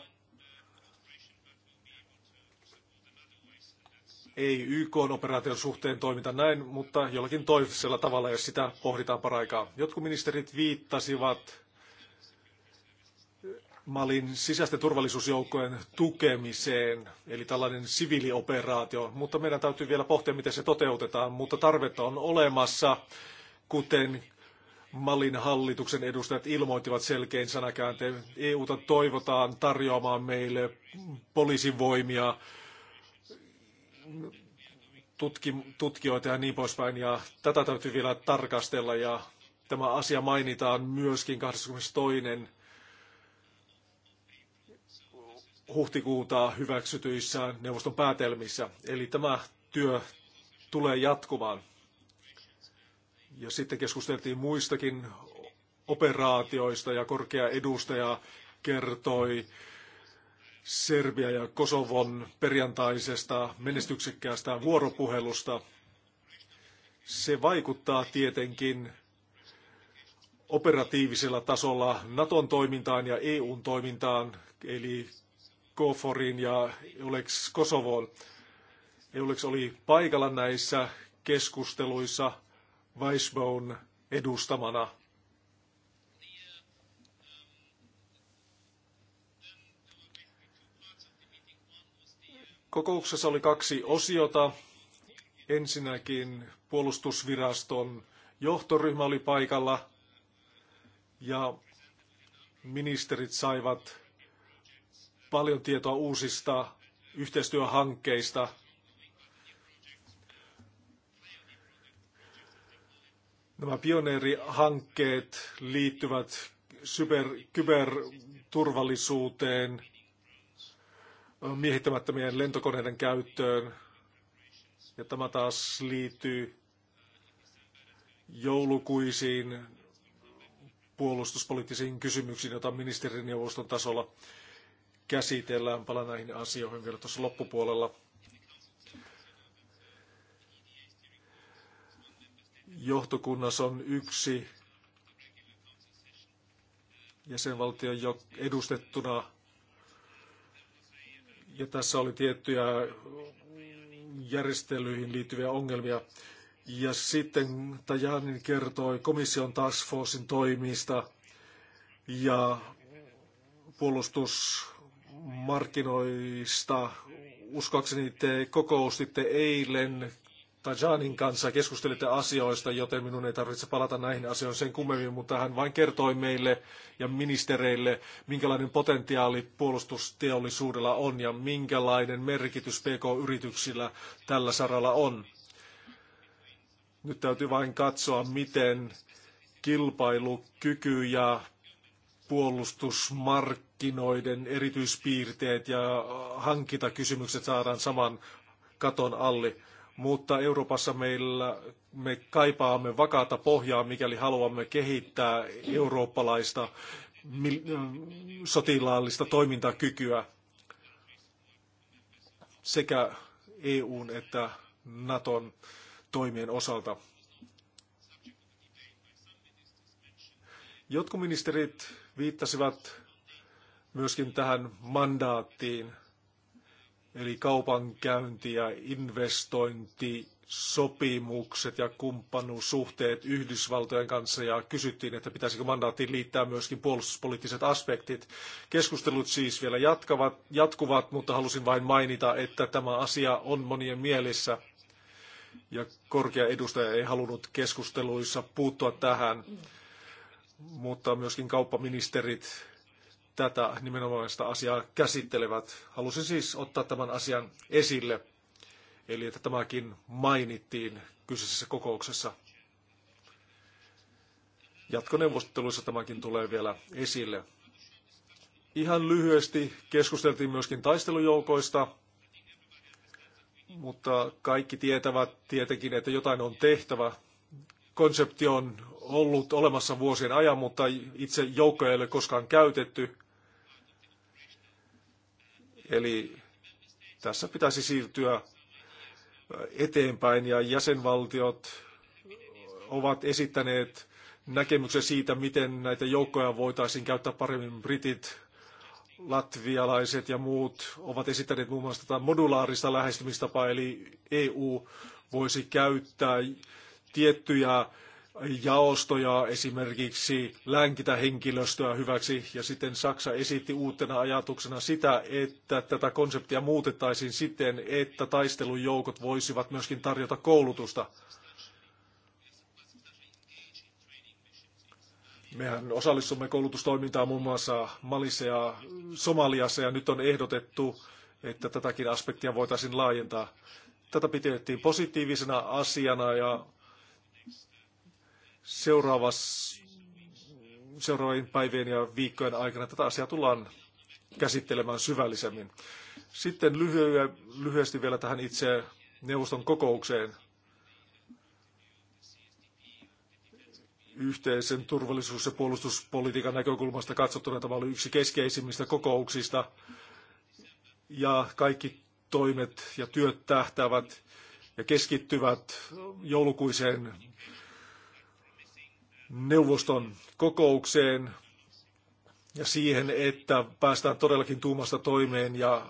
ei YK-operaation suhteen toimita näin, mutta jollakin toisella tavalla, jos sitä pohditaan paraikaa. Jotkut ministerit viittasivat Malin sisäisten turvallisuusjoukkojen tukemiseen, eli tällainen siviilioperaatio, mutta meidän täytyy vielä pohtia, miten se toteutetaan, mutta tarvetta on olemassa, kuten Malin hallituksen edustajat ilmoittivat selkein sanakääntein. EUta toivotaan tarjoamaan meille poliisivoimia, tutki, tutkijoita ja niin poispäin. Ja tätä täytyy vielä tarkastella ja tämä asia mainitaan myöskin 22 huhtikuuta hyväksytyissä neuvoston päätelmissä. Eli tämä työ tulee jatkumaan. Ja sitten keskusteltiin muistakin operaatioista ja korkea edustaja kertoi Serbia ja Kosovon perjantaisesta menestyksekkäästä vuoropuhelusta. Se vaikuttaa tietenkin operatiivisella tasolla Naton toimintaan ja EUn toimintaan, eli KFORin ja Eulex Kosovoon. Eulex oli paikalla näissä keskusteluissa Weisbone edustamana. Kokouksessa oli kaksi osiota. Ensinnäkin puolustusviraston johtoryhmä oli paikalla ja ministerit saivat paljon tietoa uusista yhteistyöhankkeista. Nämä pioneerihankkeet liittyvät kyber, kyberturvallisuuteen, miehittämättömien lentokoneiden käyttöön. Ja tämä taas liittyy joulukuisiin puolustuspoliittisiin kysymyksiin, joita ministerineuvoston tasolla käsitellään. Palaan näihin asioihin vielä tuossa loppupuolella. Johtokunnassa on yksi jäsenvaltio jo edustettuna ja tässä oli tiettyjä järjestelyihin liittyviä ongelmia. Ja sitten Tajanin kertoi komission task forcein toimista ja puolustusmarkkinoista. Uskoakseni te kokoustitte eilen Tajanin kanssa keskustelitte asioista, joten minun ei tarvitse palata näihin asioihin sen kummemmin, mutta hän vain kertoi meille ja ministereille, minkälainen potentiaali puolustusteollisuudella on ja minkälainen merkitys PK-yrityksillä tällä saralla on. Nyt täytyy vain katsoa, miten kilpailukyky ja puolustusmarkkinoiden erityispiirteet ja hankintakysymykset saadaan saman katon alle mutta Euroopassa meillä me kaipaamme vakaata pohjaa, mikäli haluamme kehittää eurooppalaista sotilaallista toimintakykyä sekä EUn että Naton toimien osalta. Jotkut ministerit viittasivat myöskin tähän mandaattiin – eli kaupankäynti ja investointi, sopimukset ja kumppanuussuhteet Yhdysvaltojen kanssa ja kysyttiin, että pitäisikö mandaattiin liittää myöskin puolustuspoliittiset aspektit. Keskustelut siis vielä jatkavat, jatkuvat, mutta halusin vain mainita, että tämä asia on monien mielissä ja korkea edustaja ei halunnut keskusteluissa puuttua tähän, mutta myöskin kauppaministerit tätä sitä asiaa käsittelevät. Halusin siis ottaa tämän asian esille, eli että tämäkin mainittiin kyseisessä kokouksessa. Jatkoneuvotteluissa tämäkin tulee vielä esille. Ihan lyhyesti keskusteltiin myöskin taistelujoukoista, mutta kaikki tietävät tietenkin, että jotain on tehtävä. Konsepti on ollut olemassa vuosien ajan, mutta itse joukkoja ei ole koskaan käytetty. Eli tässä pitäisi siirtyä eteenpäin ja jäsenvaltiot ovat esittäneet näkemyksen siitä, miten näitä joukkoja voitaisiin käyttää paremmin. Britit, latvialaiset ja muut ovat esittäneet muun muassa tätä modulaarista lähestymistapaa, eli EU voisi käyttää tiettyjä jaostoja, esimerkiksi länkitä henkilöstöä hyväksi, ja sitten Saksa esitti uutena ajatuksena sitä, että tätä konseptia muutettaisiin siten, että taistelujoukot voisivat myöskin tarjota koulutusta. Mehän osallistumme koulutustoimintaan muun muassa Malissa ja Somaliassa, ja nyt on ehdotettu, että tätäkin aspektia voitaisiin laajentaa. Tätä pidettiin positiivisena asiana ja seuraavien päivien ja viikkojen aikana tätä asiaa tullaan käsittelemään syvällisemmin. Sitten lyhyesti vielä tähän itse neuvoston kokoukseen. Yhteisen turvallisuus- ja puolustuspolitiikan näkökulmasta katsottuna tämä oli yksi keskeisimmistä kokouksista. Ja kaikki toimet ja työt tähtävät ja keskittyvät joulukuiseen neuvoston kokoukseen ja siihen, että päästään todellakin tuumasta toimeen ja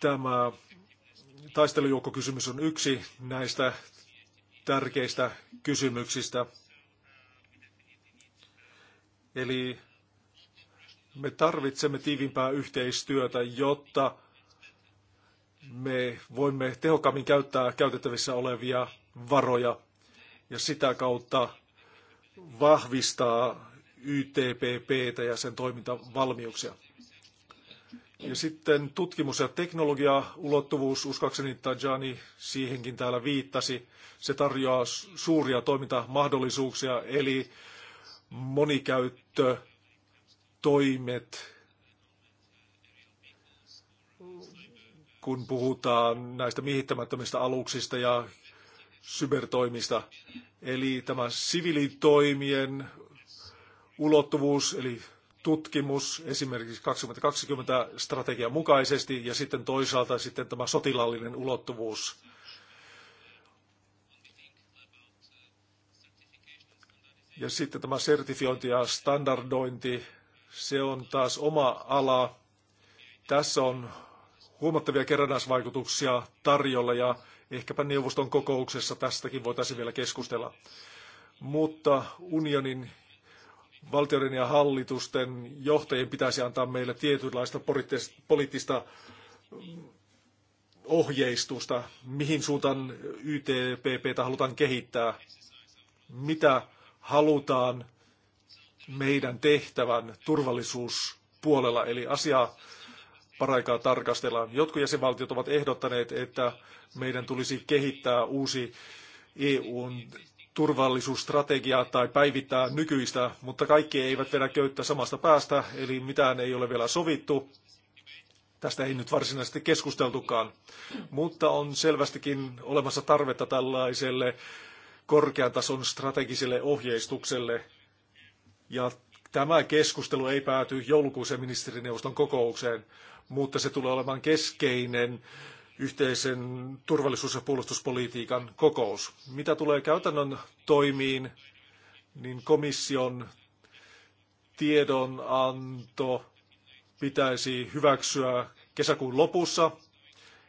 tämä taistelujoukkokysymys on yksi näistä tärkeistä kysymyksistä. Eli me tarvitsemme tiivimpää yhteistyötä, jotta me voimme tehokkaammin käyttää käytettävissä olevia varoja ja sitä kautta vahvistaa YTPPtä ja sen toimintavalmiuksia. Ja sitten tutkimus- ja teknologiaulottuvuus, uskakseni Tajani siihenkin täällä viittasi, se tarjoaa suuria toimintamahdollisuuksia, eli monikäyttötoimet, kun puhutaan näistä miehittämättömistä aluksista ja kybertoimista. Eli tämä siviilitoimien ulottuvuus, eli tutkimus esimerkiksi 2020 strategian mukaisesti ja sitten toisaalta sitten tämä sotilaallinen ulottuvuus. Ja sitten tämä sertifiointi ja standardointi, se on taas oma ala. Tässä on huomattavia kerrannaisvaikutuksia tarjolla ja Ehkäpä neuvoston kokouksessa tästäkin voitaisiin vielä keskustella. Mutta unionin valtioiden ja hallitusten johtajien pitäisi antaa meille tietynlaista poliittista mm, ohjeistusta, mihin suuntaan YTPPtä halutaan kehittää, mitä halutaan meidän tehtävän turvallisuuspuolella, eli asiaa paraikaa tarkastellaan. Jotkut jäsenvaltiot ovat ehdottaneet, että meidän tulisi kehittää uusi EUn turvallisuusstrategiaa tai päivittää nykyistä, mutta kaikki eivät vedä köyttä samasta päästä, eli mitään ei ole vielä sovittu. Tästä ei nyt varsinaisesti keskusteltukaan, mutta on selvästikin olemassa tarvetta tällaiselle korkean tason strategiselle ohjeistukselle. Ja tämä keskustelu ei pääty joulukuisen ministerineuvoston kokoukseen mutta se tulee olemaan keskeinen yhteisen turvallisuus- ja puolustuspolitiikan kokous. Mitä tulee käytännön toimiin, niin komission tiedonanto pitäisi hyväksyä kesäkuun lopussa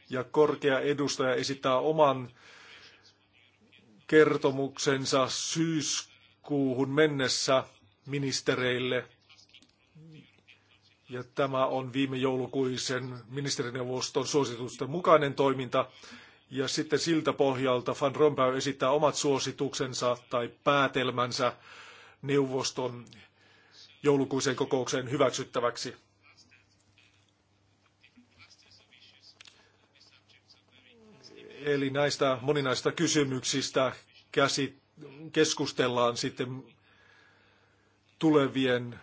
ja korkea edustaja esittää oman kertomuksensa syyskuuhun mennessä ministereille – ja tämä on viime joulukuisen ministerineuvoston suositusten mukainen toiminta. Ja sitten siltä pohjalta Van Rompuy esittää omat suosituksensa tai päätelmänsä neuvoston joulukuisen kokoukseen hyväksyttäväksi. Eli näistä moninaista kysymyksistä käsit, keskustellaan sitten tulevien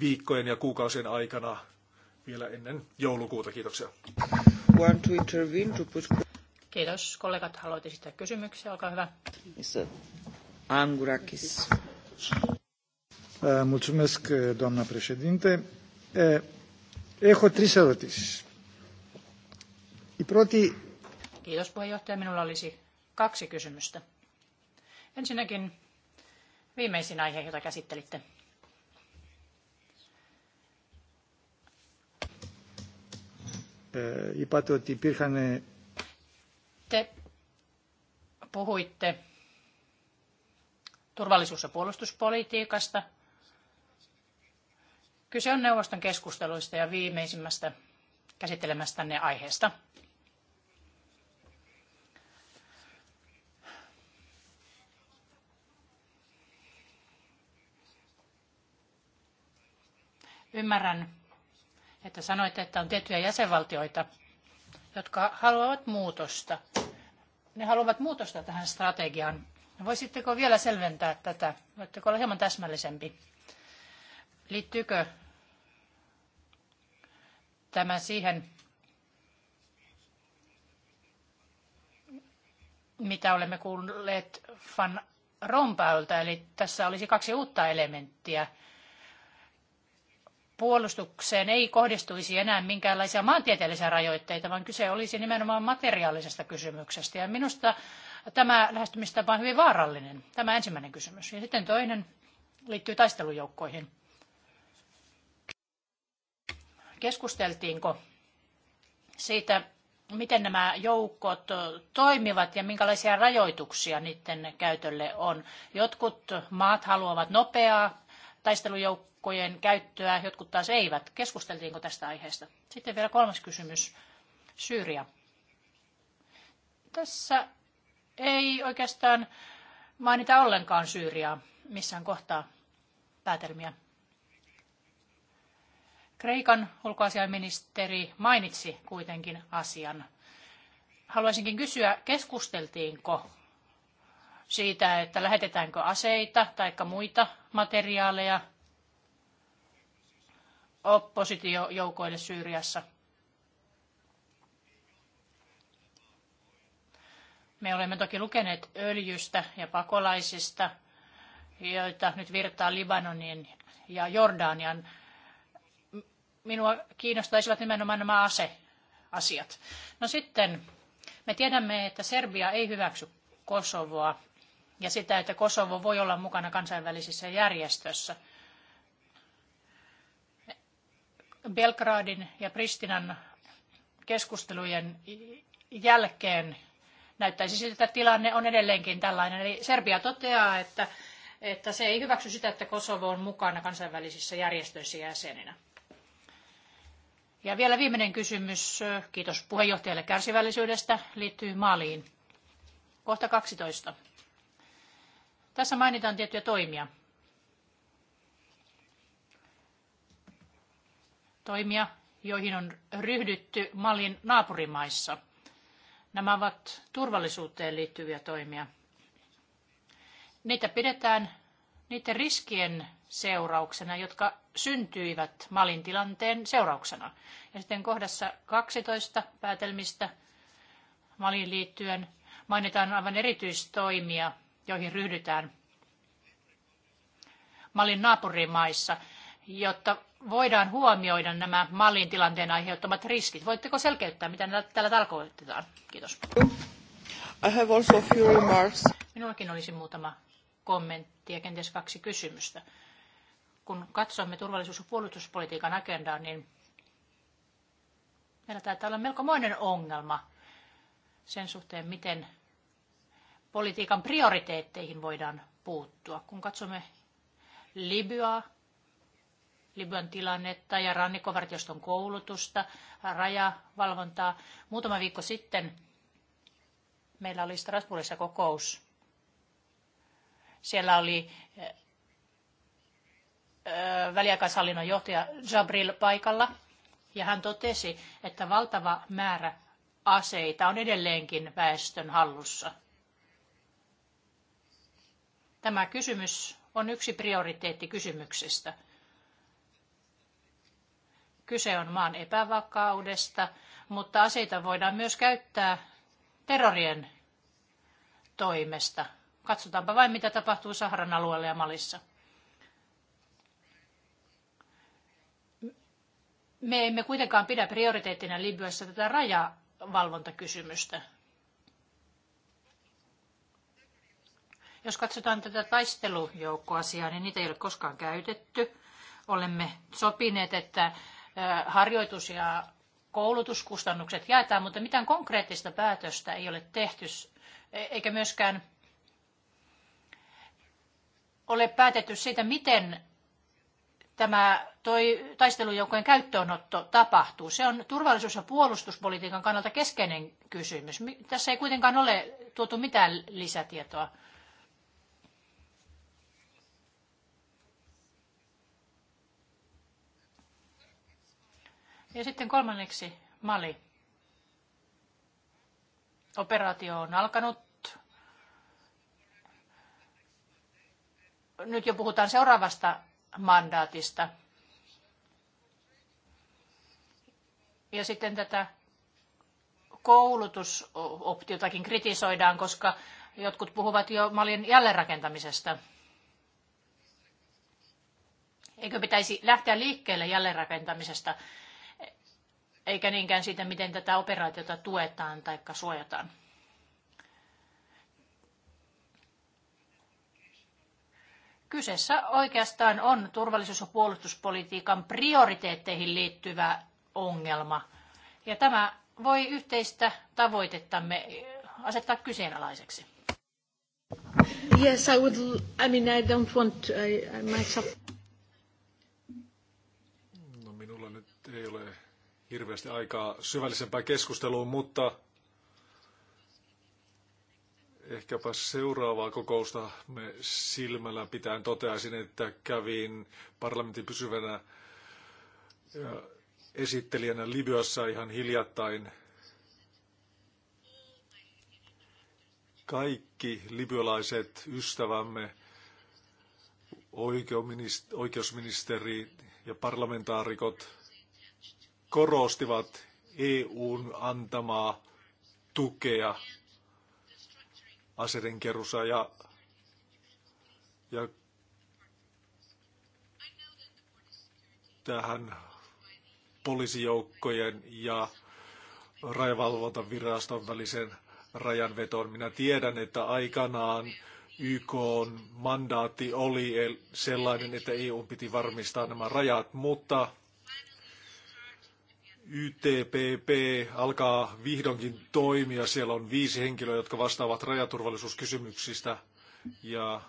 viikkojen ja kuukausien aikana vielä ennen joulukuuta. Kiitoksia. One to intervene to put... Kiitos. Kollegat, haluat esittää kysymyksiä? Olkaa hyvä. Angurakis. Eh, mulțumesc, eh, doamna președinte. Eho τρεις ερωτήσεις. Kiitos puheenjohtaja. Minulla olisi kaksi kysymystä. Ensinnäkin viimeisin aihe, jota käsittelitte. Είπατε ότι υπήρχαν... Te puhuitte turvallisuus- ja puolustuspolitiikasta. Kyse on neuvoston keskusteluista ja viimeisimmästä käsittelemästänne aiheesta. Ymmärrän että sanoitte, että on tiettyjä jäsenvaltioita, jotka haluavat muutosta. Ne haluavat muutosta tähän strategiaan. Voisitteko vielä selventää tätä? Voitteko olla hieman täsmällisempi? Liittyykö tämä siihen, mitä olemme kuulleet Van Rompäyltä, eli tässä olisi kaksi uutta elementtiä puolustukseen ei kohdistuisi enää minkäänlaisia maantieteellisiä rajoitteita, vaan kyse olisi nimenomaan materiaalisesta kysymyksestä. Ja minusta tämä lähestymistapa on hyvin vaarallinen, tämä ensimmäinen kysymys. Ja sitten toinen liittyy taistelujoukkoihin. Keskusteltiinko siitä, miten nämä joukot toimivat ja minkälaisia rajoituksia niiden käytölle on. Jotkut maat haluavat nopeaa taistelujoukkojen käyttöä, jotkut taas eivät. Keskusteltiinko tästä aiheesta? Sitten vielä kolmas kysymys. Syyria. Tässä ei oikeastaan mainita ollenkaan Syyriaa missään kohtaa päätelmiä. Kreikan ulkoasiaministeri mainitsi kuitenkin asian. Haluaisinkin kysyä, keskusteltiinko siitä, että lähetetäänkö aseita tai muita materiaaleja oppositiojoukoille Syyriassa. Me olemme toki lukeneet öljystä ja pakolaisista, joita nyt virtaa Libanonin ja Jordanian. Minua kiinnostaisivat nimenomaan nämä aseasiat. No sitten me tiedämme, että Serbia ei hyväksy Kosovoa ja sitä, että Kosovo voi olla mukana kansainvälisessä järjestössä. Belgradin ja Pristinan keskustelujen jälkeen näyttäisi siltä, että tilanne on edelleenkin tällainen. Eli Serbia toteaa, että, että se ei hyväksy sitä, että Kosovo on mukana kansainvälisissä järjestöissä jäsenenä. Ja vielä viimeinen kysymys, kiitos puheenjohtajalle kärsivällisyydestä, liittyy Maliin. Kohta 12. Tässä mainitaan tiettyjä toimia. Toimia, joihin on ryhdytty Malin naapurimaissa. Nämä ovat turvallisuuteen liittyviä toimia. Niitä pidetään niiden riskien seurauksena, jotka syntyivät Malin tilanteen seurauksena. Ja sitten kohdassa 12 päätelmistä Malin liittyen mainitaan aivan erityistoimia, joihin ryhdytään Malin naapurimaissa, jotta voidaan huomioida nämä Malin tilanteen aiheuttamat riskit. Voitteko selkeyttää, mitä tällä tarkoitetaan? Kiitos. I have also few remarks. Minullakin olisi muutama kommentti ja kenties kaksi kysymystä. Kun katsomme turvallisuus- ja puolustuspolitiikan agendaa, niin meillä taitaa olla melkomoinen ongelma sen suhteen, miten politiikan prioriteetteihin voidaan puuttua. Kun katsomme Libyaa, Libyan tilannetta ja rannikkovartioston koulutusta, rajavalvontaa. Muutama viikko sitten meillä oli Strasbourgissa kokous. Siellä oli väliaikaishallinnon johtaja Jabril paikalla ja hän totesi, että valtava määrä aseita on edelleenkin väestön hallussa. Tämä kysymys on yksi prioriteettikysymyksistä. Kyse on maan epävakaudesta, mutta aseita voidaan myös käyttää terrorien toimesta. Katsotaanpa vain, mitä tapahtuu Saharan alueella ja Malissa. Me emme kuitenkaan pidä prioriteettina Libyassa tätä rajavalvontakysymystä. Jos katsotaan tätä taistelujoukkoasiaa, niin niitä ei ole koskaan käytetty. Olemme sopineet, että harjoitus- ja koulutuskustannukset jaetaan, mutta mitään konkreettista päätöstä ei ole tehty, e, eikä myöskään ole päätetty siitä, miten tämä toi taistelujoukkojen käyttöönotto tapahtuu. Se on turvallisuus- ja puolustuspolitiikan kannalta keskeinen kysymys. Tässä ei kuitenkaan ole tuotu mitään lisätietoa. Ja sitten kolmanneksi Mali. Operaatio on alkanut. Nyt jo puhutaan seuraavasta mandaatista. Ja sitten tätä koulutusoptiotakin kritisoidaan, koska jotkut puhuvat jo Malin jälleenrakentamisesta. Eikö pitäisi lähteä liikkeelle jälleenrakentamisesta? eikä niinkään siitä, miten tätä operaatiota tuetaan tai suojataan. Kyseessä oikeastaan on turvallisuus- ja puolustuspolitiikan prioriteetteihin liittyvä ongelma. Ja tämä voi yhteistä tavoitettamme asettaa kyseenalaiseksi. Yes, I would, I mean, I don't want to, I, I myself... No minulla nyt ei ole hirveästi aikaa syvällisempään keskusteluun, mutta ehkäpä seuraavaa kokousta me silmällä pitäen toteaisin, että kävin parlamentin pysyvänä esittelijänä Libyassa ihan hiljattain. Kaikki libyalaiset ystävämme, oikeusministeri ja parlamentaarikot korostivat EUn antamaa tukea aseiden kerussa ja, ja tähän poliisijoukkojen ja rajavalvontaviraston välisen rajanvetoon. Minä tiedän, että aikanaan YK mandaatti oli sellainen, että EU piti varmistaa nämä rajat, mutta YTPP alkaa vihdoinkin toimia. Siellä on viisi henkilöä, jotka vastaavat rajaturvallisuuskysymyksistä ja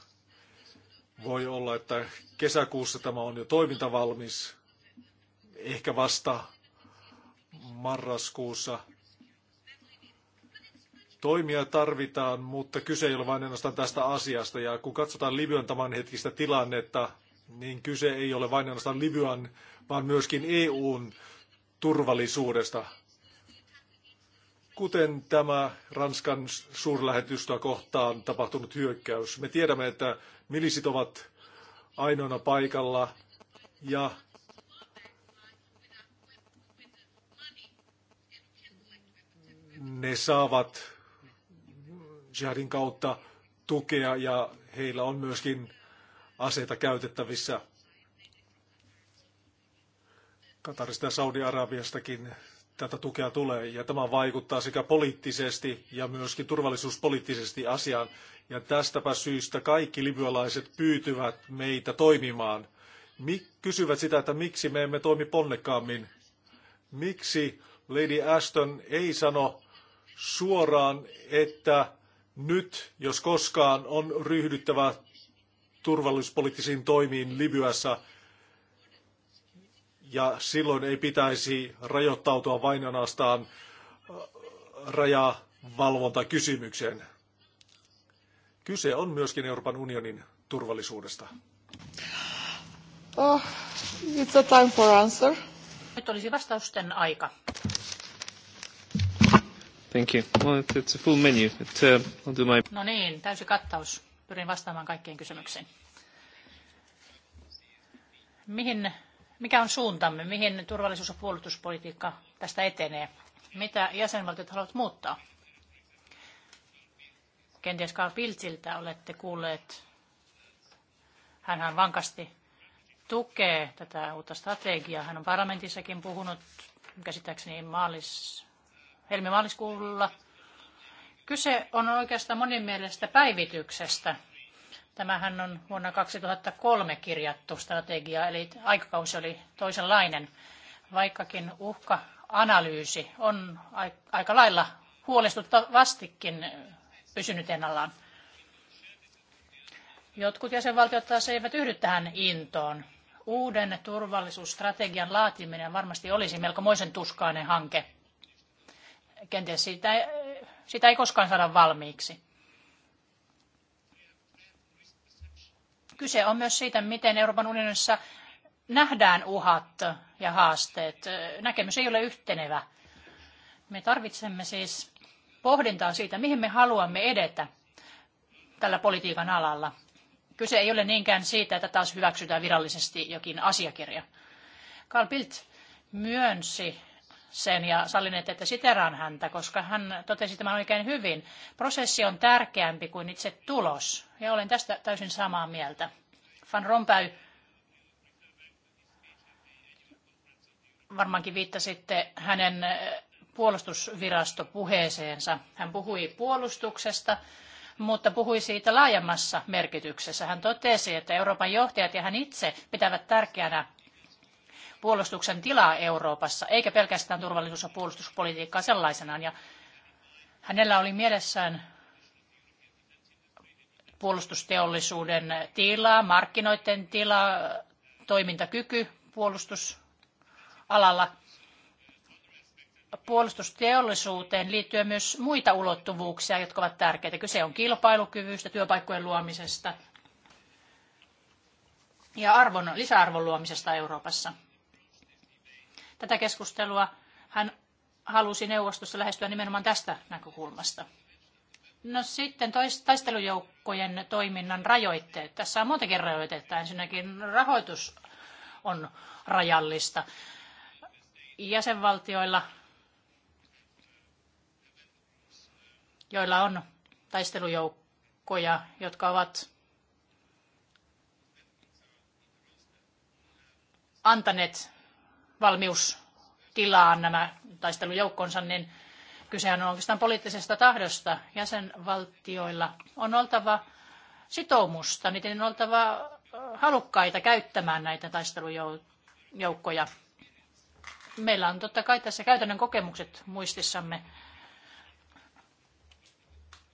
voi olla, että kesäkuussa tämä on jo toimintavalmis, ehkä vasta marraskuussa. Toimia tarvitaan, mutta kyse ei ole vain ainoastaan tästä asiasta. Ja kun katsotaan Libyan tämänhetkistä tilannetta, niin kyse ei ole vain ainoastaan Libyan, vaan myöskin EUn turvallisuudesta, kuten tämä Ranskan suurlähetystöä kohtaan tapahtunut hyökkäys. Me tiedämme, että milisit ovat ainoana paikalla ja ne saavat jihadin kautta tukea ja heillä on myöskin aseita käytettävissä – Katarista ja Saudi-Arabiastakin tätä tukea tulee, ja tämä vaikuttaa sekä poliittisesti ja myöskin turvallisuuspoliittisesti asiaan. Ja tästäpä syystä kaikki libyalaiset pyytyvät meitä toimimaan. Mik, kysyvät sitä, että miksi me emme toimi ponnekkaammin. Miksi Lady Ashton ei sano suoraan, että nyt, jos koskaan, on ryhdyttävä turvallisuuspoliittisiin toimiin Libyassa – ja silloin ei pitäisi rajoittautua vain ainoastaan äh, rajavalvontakysymykseen. Kyse on myöskin Euroopan unionin turvallisuudesta. Oh, it's a time for answer. Nyt olisi vastausten aika. Thank you. Well, it's a full menu. It, uh, I'll do my... No niin, täysi kattaus. Pyrin vastaamaan kaikkiin kysymyksiin. Mihin mikä on suuntamme, mihin turvallisuus- ja puolustuspolitiikka tästä etenee? Mitä jäsenvaltiot haluavat muuttaa? Kenties Karl Piltsiltä olette kuulleet. Hänhän vankasti tukee tätä uutta strategiaa. Hän on parlamentissakin puhunut käsittääkseni maalis, helmimaaliskuulla. Kyse on oikeastaan monin mielestä päivityksestä Tämähän on vuonna 2003 kirjattu strategia, eli aikakausi oli toisenlainen, vaikkakin uhka-analyysi on aika lailla huolestuttavastikin pysynyt ennallaan. Jotkut jäsenvaltiot taas eivät yhdy tähän intoon. Uuden turvallisuusstrategian laatiminen varmasti olisi melkomoisen tuskainen hanke. Kenties sitä ei koskaan saada valmiiksi. Kyse on myös siitä, miten Euroopan unionissa nähdään uhat ja haasteet. Näkemys ei ole yhtenevä. Me tarvitsemme siis pohdintaa siitä, mihin me haluamme edetä tällä politiikan alalla. Kyse ei ole niinkään siitä, että taas hyväksytään virallisesti jokin asiakirja. Carl Bildt myönsi sen ja sallineet, että siteraan häntä, koska hän totesi tämän oikein hyvin. Prosessi on tärkeämpi kuin itse tulos, ja olen tästä täysin samaa mieltä. Van Rompuy, varmaankin viittasitte hänen puolustusvirastopuheeseensa. Hän puhui puolustuksesta, mutta puhui siitä laajemmassa merkityksessä. Hän totesi, että Euroopan johtajat ja hän itse pitävät tärkeänä puolustuksen tilaa Euroopassa, eikä pelkästään turvallisuus- ja puolustuspolitiikkaa sellaisenaan. Ja hänellä oli mielessään puolustusteollisuuden tila, markkinoiden tila, toimintakyky puolustusalalla. Puolustusteollisuuteen liittyy myös muita ulottuvuuksia, jotka ovat tärkeitä. Kyse on kilpailukyvystä, työpaikkojen luomisesta ja arvon, lisäarvon luomisesta Euroopassa. Tätä keskustelua hän halusi neuvostossa lähestyä nimenomaan tästä näkökulmasta. No sitten taistelujoukkojen toiminnan rajoitteet. Tässä on muutenkin rajoitetta. Ensinnäkin rahoitus on rajallista. Jäsenvaltioilla, joilla on taistelujoukkoja, jotka ovat antaneet valmiustilaan nämä taistelujoukkonsa, niin kysehän on oikeastaan poliittisesta tahdosta. Jäsenvaltioilla on oltava sitoumusta, niiden on oltava halukkaita käyttämään näitä taistelujoukkoja. Meillä on totta kai tässä käytännön kokemukset muistissamme.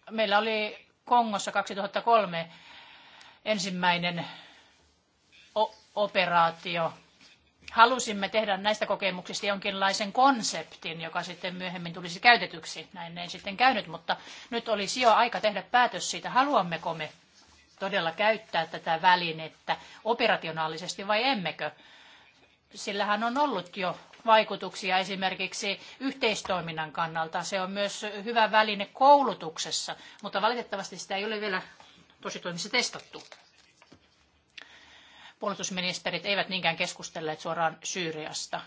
Meillä oli Kongossa 2003 ensimmäinen operaatio halusimme tehdä näistä kokemuksista jonkinlaisen konseptin, joka sitten myöhemmin tulisi käytetyksi. Näin ei sitten käynyt, mutta nyt olisi jo aika tehdä päätös siitä, haluammeko me todella käyttää tätä välinettä operationaalisesti vai emmekö. Sillähän on ollut jo vaikutuksia esimerkiksi yhteistoiminnan kannalta. Se on myös hyvä väline koulutuksessa, mutta valitettavasti sitä ei ole vielä tositoimissa testattu puolustusministerit eivät niinkään keskustelleet suoraan Syyriasta.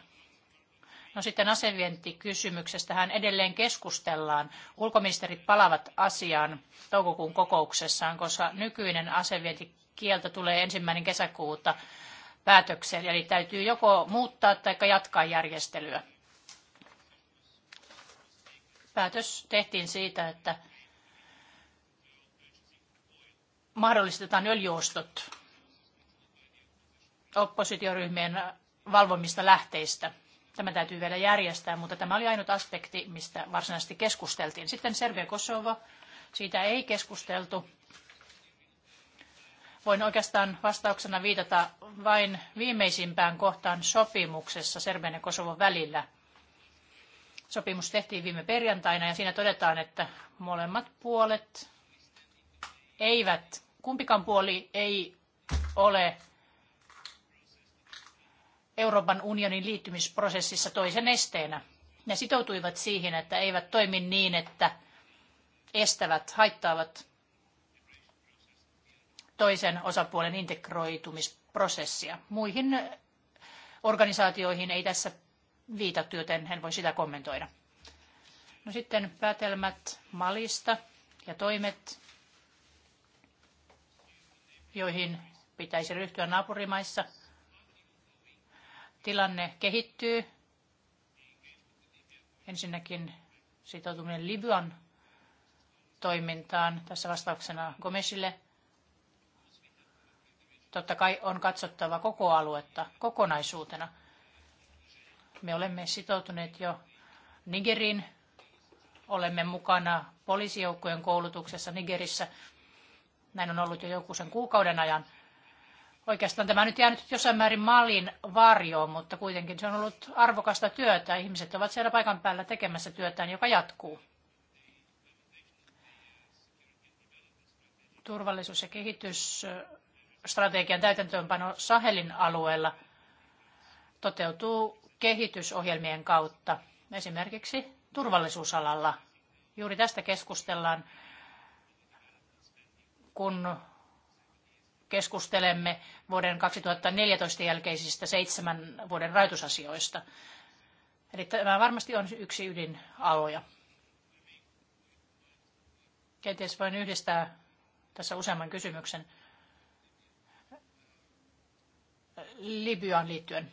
No sitten asevientikysymyksestä hän edelleen keskustellaan. Ulkoministerit palavat asiaan toukokuun kokouksessaan, koska nykyinen asevientikielto tulee ensimmäinen kesäkuuta päätökseen. eli täytyy joko muuttaa tai jatkaa järjestelyä. Päätös tehtiin siitä, että mahdollistetaan öljyostot oppositioryhmien valvomista lähteistä. Tämä täytyy vielä järjestää, mutta tämä oli ainut aspekti, mistä varsinaisesti keskusteltiin. Sitten Serbia-Kosovo, siitä ei keskusteltu. Voin oikeastaan vastauksena viitata vain viimeisimpään kohtaan sopimuksessa Serbian ja Kosovon välillä. Sopimus tehtiin viime perjantaina ja siinä todetaan, että molemmat puolet eivät, kumpikaan puoli ei ole Euroopan unionin liittymisprosessissa toisen esteenä. Ne sitoutuivat siihen, että eivät toimi niin, että estävät, haittaavat toisen osapuolen integroitumisprosessia. Muihin organisaatioihin ei tässä viitattu, joten en voi sitä kommentoida. No sitten päätelmät Malista ja toimet, joihin pitäisi ryhtyä naapurimaissa – tilanne kehittyy. Ensinnäkin sitoutuminen Libyan toimintaan tässä vastauksena Gomesille. Totta kai on katsottava koko aluetta kokonaisuutena. Me olemme sitoutuneet jo Nigerin, olemme mukana poliisijoukkojen koulutuksessa Nigerissä. Näin on ollut jo joku sen kuukauden ajan. Oikeastaan tämä nyt jäänyt jossain määrin mallin varjoon, mutta kuitenkin se on ollut arvokasta työtä. Ihmiset ovat siellä paikan päällä tekemässä työtään, joka jatkuu. Turvallisuus- ja kehitysstrategian täytäntöönpano Sahelin alueella toteutuu kehitysohjelmien kautta, esimerkiksi turvallisuusalalla. Juuri tästä keskustellaan, kun keskustelemme vuoden 2014 jälkeisistä seitsemän vuoden rajoitusasioista. Eli tämä varmasti on yksi ydinaloja. Kenties voin yhdistää tässä useamman kysymyksen Libyaan liittyen.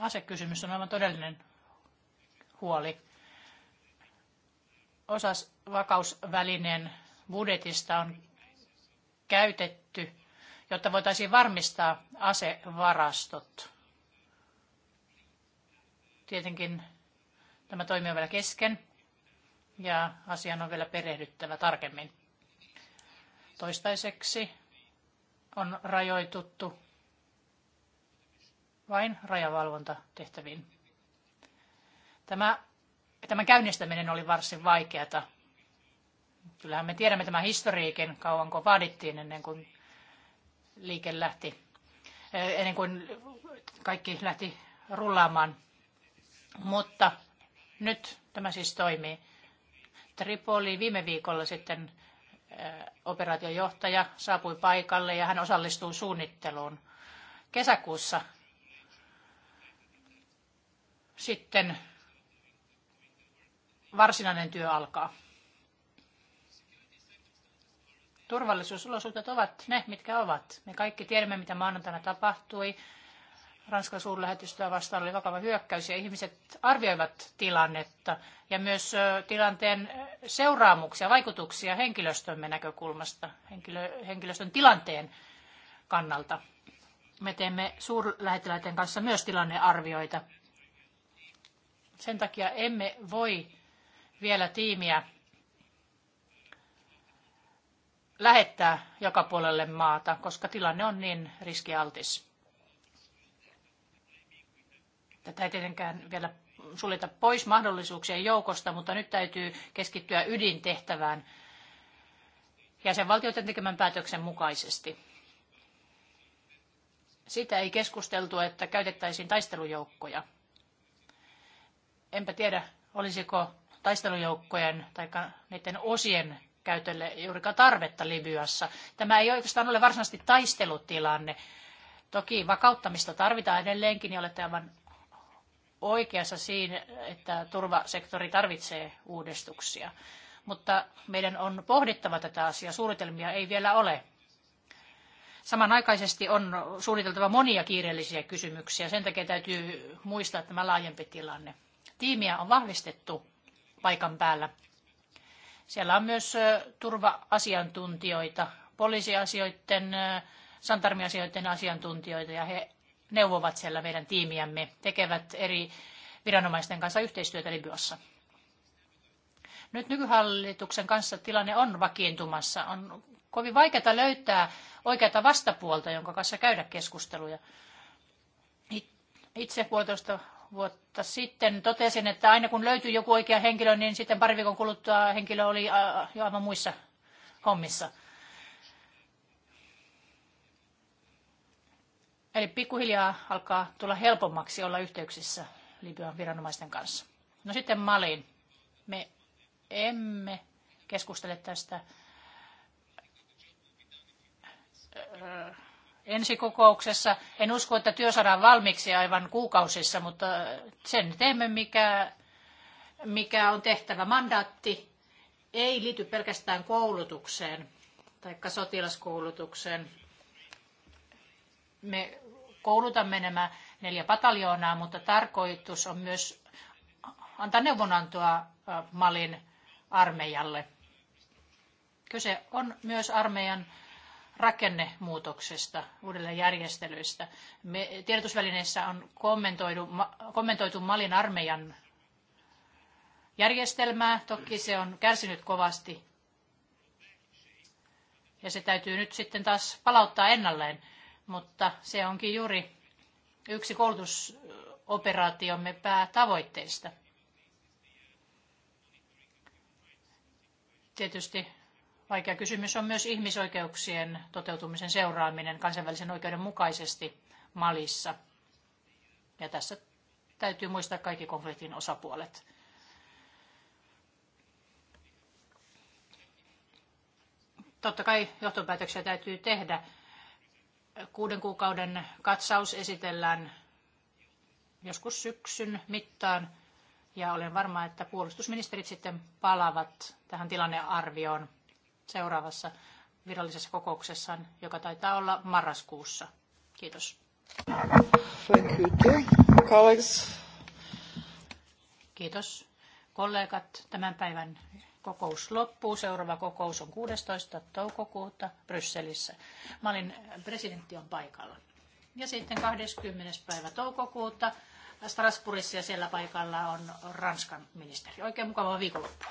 Asekysymys on aivan todellinen huoli osas vakausvälineen budjetista on käytetty, jotta voitaisiin varmistaa asevarastot. Tietenkin tämä toimi on vielä kesken ja asian on vielä perehdyttävä tarkemmin. Toistaiseksi on rajoituttu vain rajavalvontatehtäviin. Tämä Tämä käynnistäminen oli varsin vaikeata. Kyllähän me tiedämme tämän historiikin, kauanko vaadittiin ennen kuin liike lähti, eh, ennen kuin kaikki lähti rullaamaan. Mutta nyt tämä siis toimii. Tripoli viime viikolla sitten eh, operaatiojohtaja saapui paikalle ja hän osallistuu suunnitteluun. Kesäkuussa sitten varsinainen työ alkaa. Turvallisuusolosuhteet ovat ne, mitkä ovat. Me kaikki tiedämme, mitä maanantaina tapahtui. Ranskan suurlähetystöä vastaan oli vakava hyökkäys ja ihmiset arvioivat tilannetta ja myös tilanteen seuraamuksia, vaikutuksia henkilöstömme näkökulmasta, henkilö, henkilöstön tilanteen kannalta. Me teemme suurlähettiläiden kanssa myös tilannearvioita. Sen takia emme voi vielä tiimiä lähettää joka puolelle maata, koska tilanne on niin riskialtis. Tätä ei tietenkään vielä suljeta pois mahdollisuuksien joukosta, mutta nyt täytyy keskittyä ydintehtävään jäsenvaltioiden tekemän päätöksen mukaisesti. Sitä ei keskusteltu, että käytettäisiin taistelujoukkoja. Enpä tiedä, olisiko taistelujoukkojen tai niiden osien käytölle juurikaan tarvetta Libyassa. Tämä ei oikeastaan ole varsinaisesti taistelutilanne. Toki vakauttamista tarvitaan edelleenkin ja olette aivan oikeassa siinä, että turvasektori tarvitsee uudistuksia. Mutta meidän on pohdittava tätä asiaa. Suunnitelmia ei vielä ole. Samanaikaisesti on suunniteltava monia kiireellisiä kysymyksiä. Sen takia täytyy muistaa tämä laajempi tilanne. Tiimiä on vahvistettu paikan päällä. Siellä on myös turva-asiantuntijoita, poliisiasioiden, santarmiasioiden asiantuntijoita ja he neuvovat siellä meidän tiimiämme, tekevät eri viranomaisten kanssa yhteistyötä Libyassa. Nyt nykyhallituksen kanssa tilanne on vakiintumassa. On kovin vaikeaa löytää oikeata vastapuolta, jonka kanssa käydä keskusteluja. Itse puolitoista vuotta sitten totesin, että aina kun löytyy joku oikea henkilö, niin sitten pari viikon kuluttua henkilö oli äh, jo aivan muissa hommissa. Eli pikkuhiljaa alkaa tulla helpommaksi olla yhteyksissä Libyan viranomaisten kanssa. No sitten Malin. Me emme keskustele tästä äh, ensi kokouksessa. En usko, että työ saadaan valmiiksi aivan kuukausissa, mutta sen teemme, mikä, mikä on tehtävä. Mandaatti ei liity pelkästään koulutukseen tai sotilaskoulutukseen. Me koulutamme nämä neljä pataljoonaa, mutta tarkoitus on myös antaa neuvonantoa Malin armeijalle. Kyse on myös armeijan rakennemuutoksesta, uudelleenjärjestelyistä. järjestelyistä tiedotusvälineissä on kommentoitu, kommentoitu Malin armeijan järjestelmää. Toki se on kärsinyt kovasti ja se täytyy nyt sitten taas palauttaa ennalleen, mutta se onkin juuri yksi koulutusoperaatiomme päätavoitteista. Tietysti Vaikea kysymys on myös ihmisoikeuksien toteutumisen seuraaminen kansainvälisen oikeuden mukaisesti Malissa. Ja tässä täytyy muistaa kaikki konfliktin osapuolet. Totta kai johtopäätöksiä täytyy tehdä. Kuuden kuukauden katsaus esitellään joskus syksyn mittaan. Ja olen varma, että puolustusministerit sitten palavat tähän tilannearvioon seuraavassa virallisessa kokouksessaan, joka taitaa olla marraskuussa. Kiitos. Thank you, colleagues. Kiitos kollegat. Tämän päivän kokous loppuu. Seuraava kokous on 16. toukokuuta Brysselissä. Malin presidentti on paikalla. Ja sitten 20. päivä toukokuuta Strasbourgissa ja siellä paikalla on Ranskan ministeri. Oikein mukavaa viikonloppua.